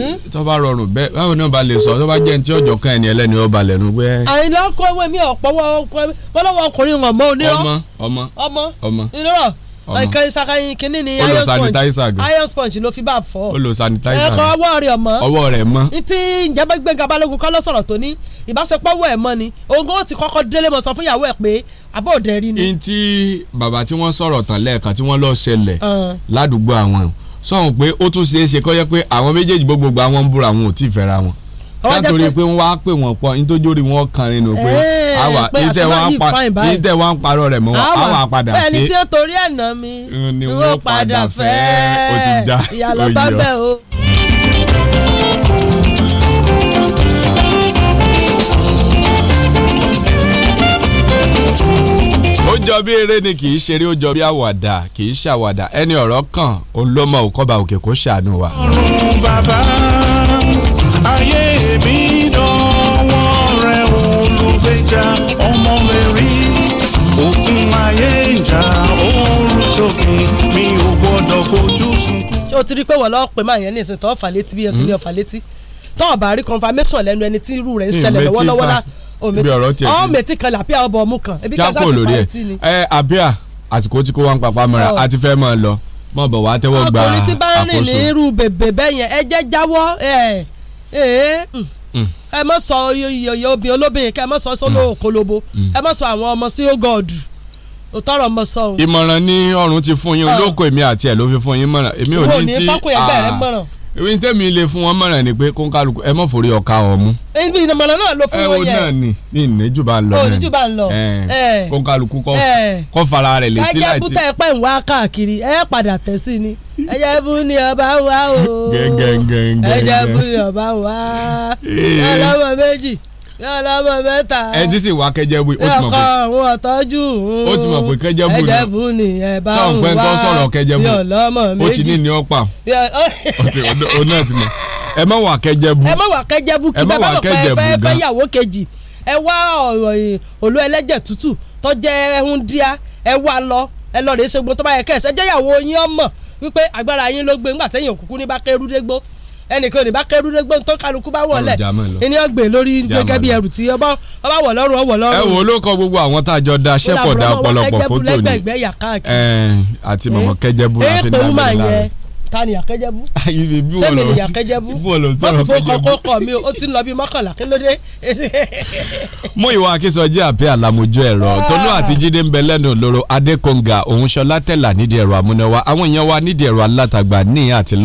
S1: eh, tó bá rọrùn bẹ́ẹ̀ báwo ni wọ́n bá lè sọ tó bá jẹ́ ní tí ọjọ́ kan ẹni ẹlẹ́ni ó balẹ̀ nu pé. Eh.
S6: àyìnlá kọ́ ewé mi ọ̀pọ̀ wọ́n lọ́wọ́ ọkùnrin ọmọ onírọ́
S1: ọmọ ọmọ ọmọ
S6: onírọ́ ọmọ sakayin kínní ni iron sponge iron sponge ló fi bá a fọ. ó
S1: lo sanitizer rẹ ẹkọ ọwọ́ rẹ̀ mọ́ ọwọ́ rẹ̀ mọ́.
S6: ní ti ìjẹ́bẹ́ gbẹ̀ngà balógun kọ́ ló sọ̀rọ̀ tó ní ìbáṣepọ̀ wọ̀ ẹ̀ mọ́ ni ogun ó ti kọ́kọ́ délé mọ́ sọ fún ìyàwó ẹ̀ pé
S1: abọ́ òde rí ni. ní ti bàbá tí wọ́n sọ̀rọ̀ tán lẹ́ẹ̀kan tí wọ́n lọ ṣẹlẹ̀ ládùúgbò àwọn sọ̀hún pé ó tún ṣeé ṣe kó jẹ́ pé àwọn méjèèjì gbogbogbò àwọn ń búra àwọn ò tí ì fẹ́ra wọn látòrí pé ń wá pè wọ́n pọ̀ nítorí wọ́n kan nínú pé àwa eh, ìtẹ̀ wá ń parọ́ rẹ̀ mọ́ àwa padà sí. bẹ́ẹ̀ni tí ó
S6: torí ẹ̀nà mi
S1: ni wọ́n padà fẹ́ ìyàlọ́ bá bẹ́ẹ̀ o. ó jọ bí eré ni kì í ṣeré ó jọ bí àwàdà kì í ṣàwàdà ẹni ọ̀rọ̀ kan olómọ òkọ́ba òkè kó ṣàánú wa. ọ̀run
S4: bàbá ayé èmi dánwọ́ rẹ̀ olùgbèjà ọmọ mi rí
S6: òkun ayé ìjà oorun sókè mi ò gbọ́dọ̀ fojú sunkún. ṣé o ti rí i pé wọ́n lọ́ọ́ pè máa yẹn ní ìsìn tó fà létí bí ẹ ti hmm? lè fà létí tó o bá rí confirmation lẹ́nu ẹni tí irú rẹ̀ ń ṣẹlẹ̀ lọ́wọ́lọ́wọ́ lá ibi ọ̀rọ̀ tiẹ̀ ọ̀hún mẹ̀tì kan làbí àwọn ọmọ ọmú kan ebi kásá ti fa ẹtì ni.
S1: ẹ àbíà àsìkò tí kò wá ń papá mọ́ra a ti fẹ́ máa lọ mọ̀ bọ̀ wá tẹ́wọ́ gba àkóso. ọkùnrin tí bá rìn ní
S6: irú bèbè bẹ́ẹ̀ ẹ jẹ́ jáwọ́ Eh? Hmm. Eh, ẹ mọ sọ obìnrin olóbìnrin kẹ ẹ mọ sọ sọlọ òkòlóbó hmm. hmm. ẹ mọ sọ àwọn ọmọ sí ọgọọdù o tọrọ mọ sọ o.
S1: ìmọ̀ràn ni ọ̀run ti fún yín ah. olóko èmi àti ẹ̀ ló fi fún yín mọ̀ràn èmi ò ní ti. wo ni fọkùn ẹgbẹ́ ah. mọ̀ràn ìwé ní tẹ́mi lè fún wọn mọ̀ràn ni pé kó ń kálukú ẹ mọ̀ forí ọ̀ka ọ̀mú. ibi ìnàmọ̀nà náà ló fún wọn yẹn. ẹ o náà ni ní ìnẹ́jú bá ń lọ. o níjú bá ń lọ. kó ń kálukú kó fara rẹ̀ létí láti. kájá bútà ẹ
S6: pẹ́ ń wá káàkiri ẹ padà tẹ̀ sí ni. ẹjẹ bú ni ọba wá o.
S1: gẹ́gẹ́ gẹ́gẹ́ gẹ́gẹ́ ẹjẹ bú ni
S6: ọba wá. Eh. ọlọ́mọ méjì yóò lọ́mọ mẹ́ta.
S1: ẹ ti sì wá kẹjẹbu ó ti mọ̀ pé. ẹ̀kọ́
S6: àwọn ọ̀tọ́jú.
S1: ó ti mọ̀ pé kẹjẹbu ni. ẹjẹbu ni ẹ bá ń wá. sọ̀rọ̀ pé tó sọ̀rọ̀ kẹjẹbu. yóò lọ́mọ méjì. ó ti ní ní ọ̀pá. ó náà ti mọ̀. ẹ má wà kẹjẹbu. ẹ má wà kẹjẹbu kí bẹ́ẹ̀ bá mọ̀ pé fẹ́ fẹ́
S6: yàwó kejì. ẹ wá ọ̀rọ̀ òlú ẹlẹ́jẹ̀ tútù tó jẹ́ díá ẹ wá lọ ẹ lọ rèé ṣègbọn tó bá yẹ kẹ́ ẹ̀ ṣẹ́jẹ́ yàwó yín ọmọ wípé agbára yín ló gbé ńgbà tẹ́yìn òkùnkùn ní bá kẹ́rú dégbó ẹnìkan ní bá kẹrù rẹ gbọ́n tó kálukú bá wọlé
S1: ẹni ọgbẹ́ lórí gẹ́gẹ́ bí ẹrù tí ọba wọ̀ lọ́rùn ọwọ̀ lọ́rùn. ẹ wo ló kọ gbogbo àwọn tá a jọ da sẹ́pọ̀ da ọ̀pọ̀lọpọ̀ fótó ni àti mọ̀mọ́ eh, kẹjẹbu láti eh, ní abẹ́lẹ́
S6: tani akẹjẹbu sẹmi ni akẹjẹbu
S1: mọtòfó kọkọ kọ mi
S6: o ti ń lọ bí mọ́kànlá kí ló dé.
S1: mú ìwà akínsọjí àbí àlàmójú ẹ̀rọ ah. tónú àti jíde ń bẹ lẹ́nu lóró adékọ̀ǹgà òun ṣọlá tẹ̀là nídìí ẹ̀rọ amúnáwá àwọn èèyàn wa nídìí ẹ̀rọ alátagbà níyà àti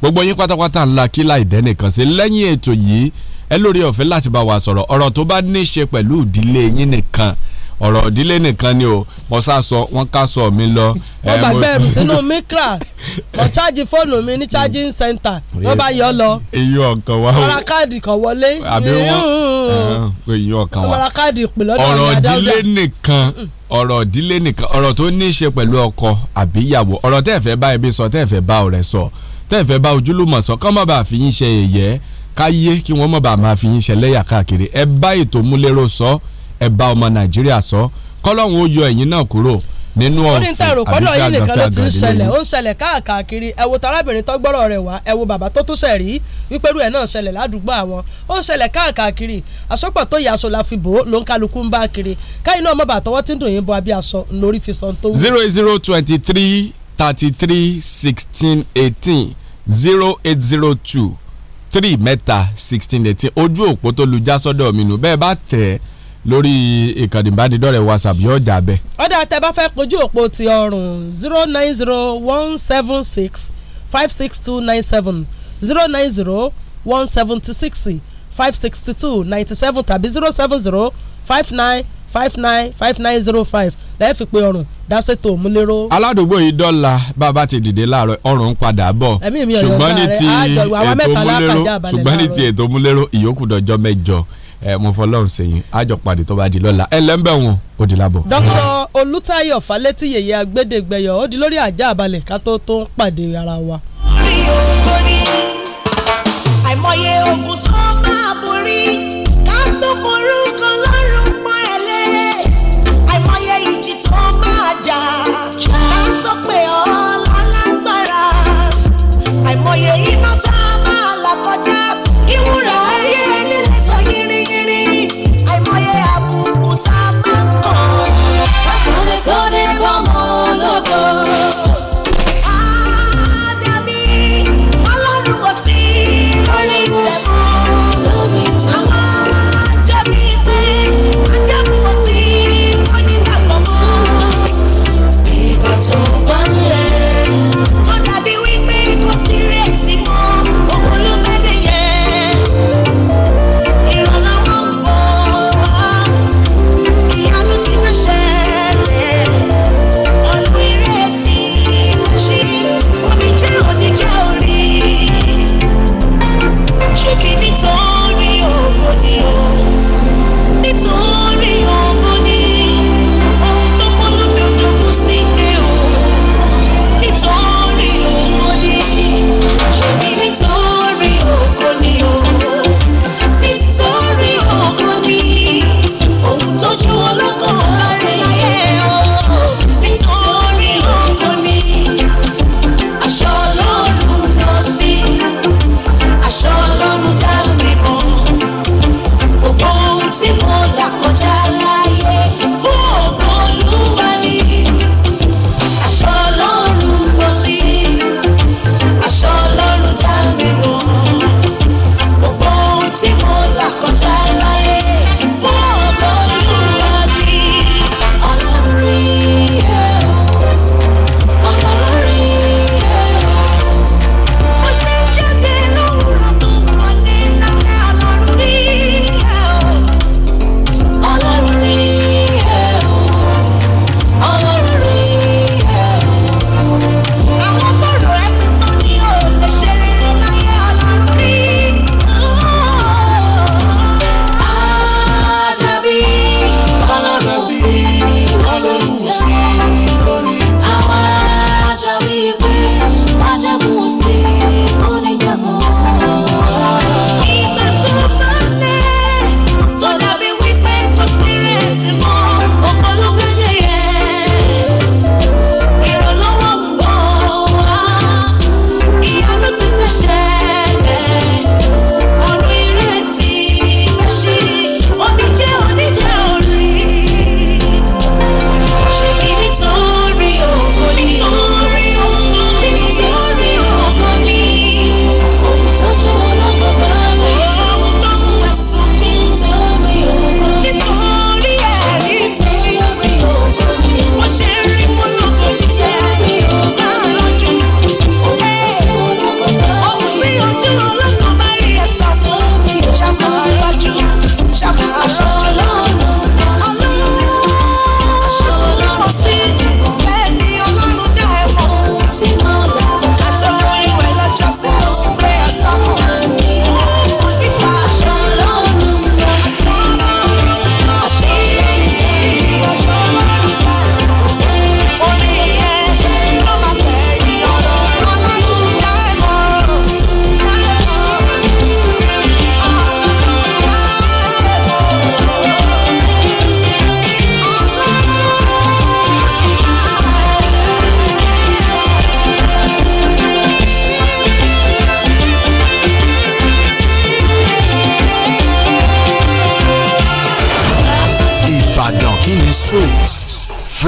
S1: gbogbo yín pátápátá ńlá kí láì dẹ́nìkan sí lẹ́yìn ètò yìí ẹ lórí ọ̀fẹ́ láti bá wa sọ̀rọ̀ ọ̀rọ̀ tó bá ní í ṣe pẹ̀lú ìdílé yín nìkan ọ̀rọ̀ ìdílé nìkan ni o mo sá sọ wọ́n ká sọ mi lọ. wọ́n gbàgbé ẹ̀rù sínú
S6: mikra mo ṣáàjì fóònù mi ní charging center wọ́n bá yọ lọ.
S1: èyí ọkàn wa o ọ̀rá
S6: káàdì kan wọlé. àbí wọn
S1: èyí ọkàn wa ọ̀rá
S6: káàdì pè lọ́dọ̀ ọ̀rọ̀ ìdílé
S1: nìkan ọ̀rọ̀ ìdílé nìkan ọ̀rọ̀ tó ní í ṣe pẹ̀lú ọkọ àbíyàwó ọ̀rọ̀ tẹ́ẹ̀fẹ́ bá ẹbí sọ tẹ́ẹ̀fẹ́ bá ọ̀rẹ́ sọ tẹ́ẹ̀fẹ́ bá ojúlùmọ̀ sọ kán má bàa fi ṣe yẹ̀yẹ́ káyé kí wọ́n má bàa máa fi yín ṣe lẹ́yà káàkiri ẹ bá ètò múlẹ́rọ̀ sọ ẹ bá ọmọ nàìjíríà sọ kọ́lọ́hún ó yọ ẹ̀yin náà kúrò nínú ọ̀fìn orí ntẹ̀rọ kọ́lọ́ yìí nìkan ló ti ń ṣẹlẹ̀ ó ń
S6: ṣẹlẹ̀ káàkiri ẹ tarábìnrin tó rẹ̀ wá ẹ bàbá tó tún ṣẹ̀ wípé irú ẹ̀ náà ṣẹlẹ̀ ládùúgbò àwọn ó ń ṣẹlẹ̀ káàkiri àsopọ̀ tó yẹ aṣọ la fi bò ó ló ń kálukú ń bá kiri káyìn náà mọ̀bà tọwọ́ tí ń dùn yín bọ abí aṣọ lórí fi san tó. zero
S1: zero twenty three thirty three sixteen eighteen zero eight zero two three mẹ́ta sixteen eighteen ojú òpó tó lu já sọ́dọ̀ mi nù bẹ́ẹ̀ bá tẹ̀ lórí ìkànnì ìbánidọ́rẹ̀ẹ́ whatsapp yóò jà bẹ́ẹ̀.
S6: ọ̀dà tẹ bá fẹ́ kojú òpó ti ọrùn zero nine zero one seven six five six two nine seven zero nine zero one seventy six five sixty two ninety seven tàbí zero seven zero five nine five nine five nine zero five lẹ́ẹ̀ fi pe ọrùn dáṣètò òmúlérò.
S1: aládùúgbò yìí dọ́là bàbá ti dìde láàárọ̀ ọrùn ń padà bọ̀ ṣùgbọ́n ní ti ètò òmúlérò ṣùgbọ́n ní ti ètò òmúlérò ìyókù dọjọ́ mẹ́jọ ẹ mo fọlọ́run sẹ́yìn àjọ pàdé tó bá di lọ́la ẹ lẹ́ńbẹ̀ wọn ó di lábọ̀. dókítà
S6: olùtayọ̀ falẹ́tì yèyé agbẹ́dẹ́gbẹ́yọ̀ ó di lórí àjà àbálẹ̀ ká tó tó ń pàdé ara
S9: wa. àìmọye ogun tó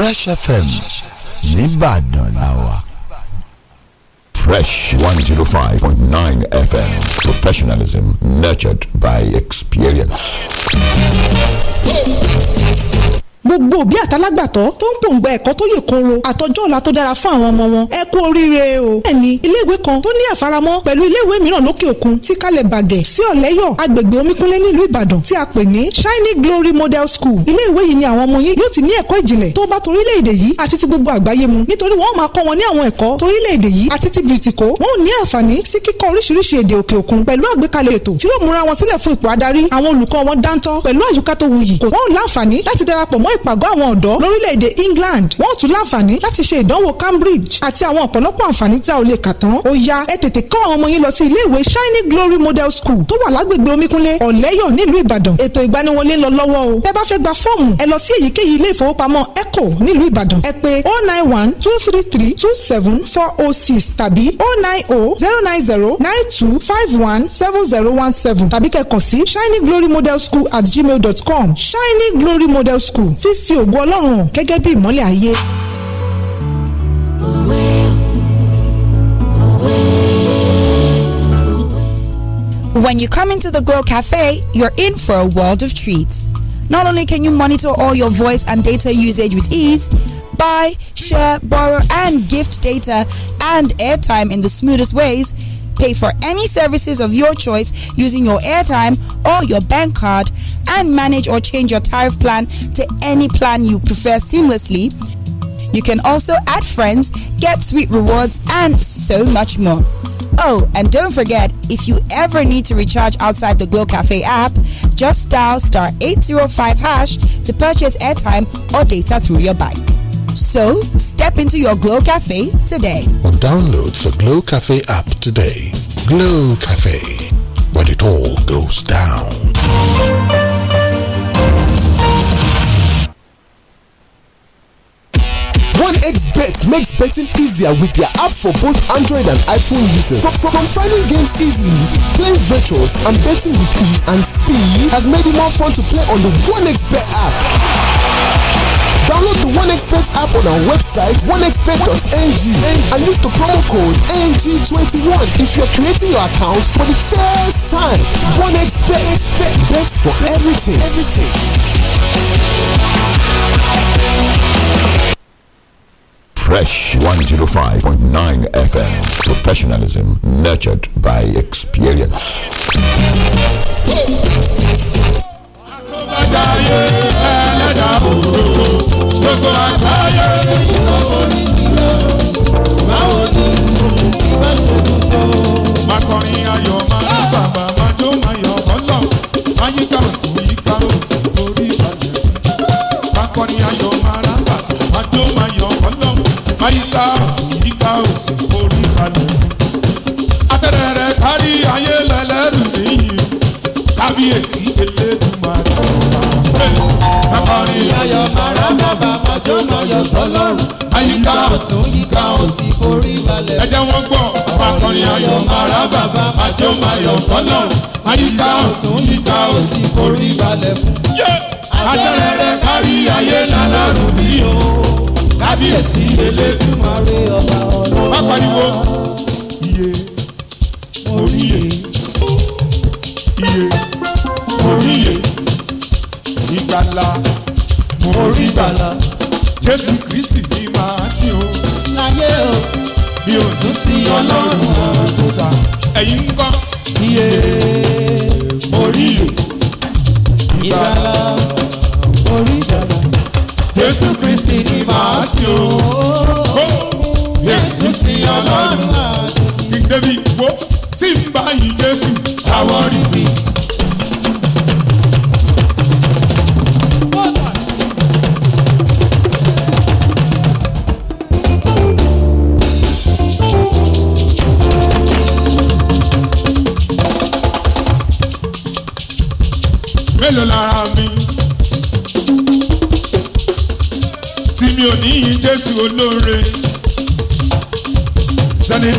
S2: Fresh FM nìbàdàn la
S4: Fresh 105.9 FM. Professionalism nurtured by
S2: experience.
S3: gbogbo òbí àtàlágbàtọ́ tó ń pòǹgbà ẹ̀kọ́ tó yè kooro àtọjọ́ ọ̀la tó dára fún àwọn ọmọ wọn ẹ kú oríire o. bẹ́ẹ̀ni iléèwé kan tó ní àfaramọ́ pẹ̀lú iléèwé mìíràn lókè òkun ti kalẹ̀ bàgẹ́ sí ọ̀lẹ́yọ̀ agbègbè omíkúnlé nílùú ìbàdàn tí a pè ní shiny glory model school. iléèwé yìí ni àwọn ọmọ yín yóò ti ní ẹ̀kọ́ ìjìnlẹ̀ tó bá torílẹ̀-èdè yìí àti ti gbogbo àgbáyé mu nítorí wọ́n máa kọ́ wọn ní àwọn ẹ̀kọ́ torílẹ̀-èdè yìí àti ti bìrìtìkó wọn ò ní àǹfààní sí kíkọ́ oríṣiríṣi èdè òkè òkun pẹ̀lú àgbékalẹ̀ ètò tí yóò múra wọn sílẹ̀ fún ipò adarí àwọn olùkọ́ wọn dáńtọ́ pẹ̀lú àyíká tó wuyì kò wọ́n láǹfààní láti darapọ̀ mọ́ fún ìpàgọ́ àwọn ọ̀dọ́ lórílẹ̀‐èdè England wọ́n tún láǹfààní láti ṣe ìdánwò Cambridge àti àwọn ọ̀pọ̀lọpọ̀ àǹfààní tí a ò lè kà tán ó yá ẹ tètè kọ́ àwọn ọmọ yín lọ sí ilé Shiny Glory Model School tó wà lágbègbè Omíkúnlé Ọ̀lẹ́yọ̀ nílùú Ìbàdàn ètò ìgbaniwọlé lọ lọ́wọ́ o tẹ́ bá fẹ́ gba fọ́ọ̀mù ẹ lọ sí èyíkéyìí ilé ìfowópamọ́ eco nílùú Ìbàdàn ẹ pè oh nine one two three three two seven four oh six tàbí oh nine oh zero nine zero nine two five one seven zero one seven tàbí kẹ́ kàn sí Shiny Glory Model School at gmail dot com Shiny Glory Model School fífi ọlọ́run gẹ́gẹ́ bí ìmọ́lẹ̀ ayé. When you come into the Glow Cafe, you're in for a world of treats. Not only can you monitor all your voice and data usage with ease, buy, share, borrow, and gift data and airtime in the smoothest ways Pay for any services of your choice using your airtime or your bank card and manage or change your tariff plan to any plan you prefer seamlessly. You can also add friends, get sweet rewards, and so much more. Oh, and don't forget, if you ever need to recharge outside the Glow Cafe app, just dial star 805 hash to purchase airtime or data through your bike. So, step into your Glow Cafe today.
S2: Or download the Glow
S4: Cafe app today. Glow Cafe, when it all goes down.
S1: OneXBet makes betting easier with their app for both Android and
S7: iPhone users. From, from, from finding games easily, playing virtuals, and betting with ease and speed
S2: has made it more fun to play on the OneXBet app. Download the One app on our website, oneexpert.ng, and use the promo code NG21 if you're creating your account for the first time. One bets for everything. everything.
S4: Fresh 105.9 FM.
S2: Professionalism nurtured by experience.
S9: gbogbo àgbáyé ìnáwó ní ìlú báwo ni ìfẹ́ ṣòro tó. akọrin ayọ̀ máa ń
S7: bàbá máa jó máa yọ̀ ọ́lọ́ máa yí kárọ̀tì yí kárọ̀tì torí akọrin ayọ̀ máa ń bàbá máa jó máa yọ̀ ọ́lọ́ máa yí kárọ̀tì yí kárọ̀tì torí kárí ayé lẹ́lẹ́rù nìyí kábíyèsí elédùnmáà akọrin ayọ̀ maraba bàbá jóná yọ sọlọ́run àyíká ọ̀tún yíká òsì forí balẹ̀. ẹ jẹ́ wọ́n gbọ́ akọrin ayọ̀ maraba bàbá jóná yọ sọlọ́run àyíká ọ̀tún yíká òsì forí balẹ̀ fún. àjẹrẹ rẹ kárí ayé lálárùn mi o kábíyèsí elédùmarè ọba ọlọ́run. má pariwo. gbàlà mo rí gbàlà Jésù Kristi ni màá sí o. láyé o mi ò tún sí ọlọ́run ọ̀gbọ̀gbà. ẹ̀yin ń kọ́. iye mo rí ìlú ìgbàlà mo rí gbàlà Jésù Kristi ni màá sí o. mi ò tún sí ọlọ́run ọ̀gbọ̀gbà. ìgbẹ́bí wo tí ń bá yìí Jésù. àwọn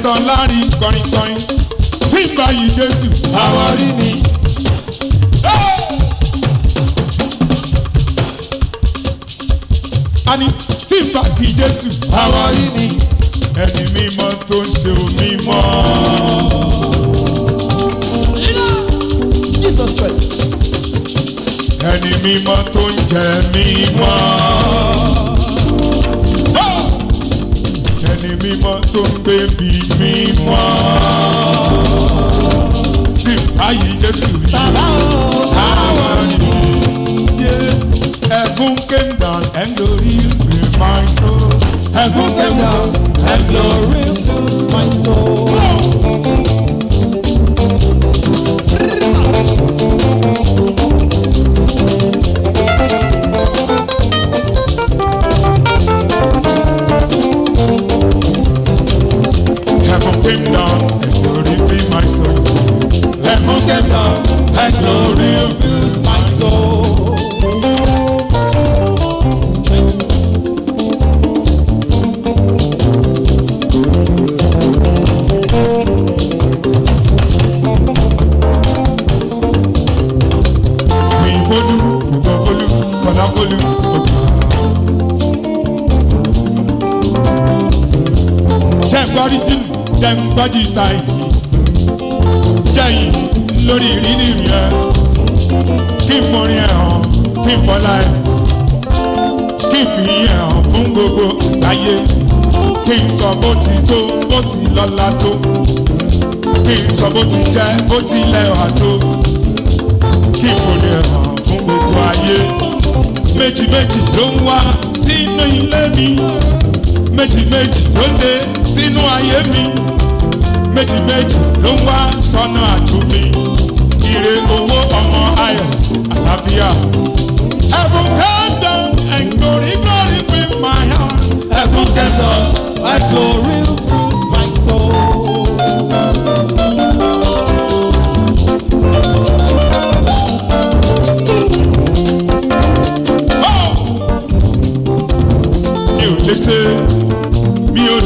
S7: ìtàn láàrin kọrinkọrin tí ń bá yìí Jésù àwọn rí ni. ani tí ń bá kí Jésù àwọn rí ni. ẹni mímọ́ tó ń ṣe omi mọ́. Jesus Christ. ẹni mímọ́ tó ń jẹ mímọ́ ẹni mímọ́ tó ń gbé bí mímọ́. tí ayé jésù yìí bàbá o àwọn ìlú yé heaven came down and glory filled my soul. heaven came down and glory filled my soul. thy glory fills my soul. Jẹ́ gbárí jìnnà, jẹ́ gbájí táyì. lọ́la tó kí n sọ bó ti jẹ́ bó ti lẹ́wà tó kí n kò lè hàn fún gbogbo ayé méjì méjì ló ń wá sínú ilé mi méjì méjì ló ń dé sínú ayé mi méjì méjì ló ń wá sọnù àtúnbí ire owó ọmọ ayọ̀ àlàáfíà. Heaven come down and glory glory with my heart. Heaven come down and glory.
S9: Listen.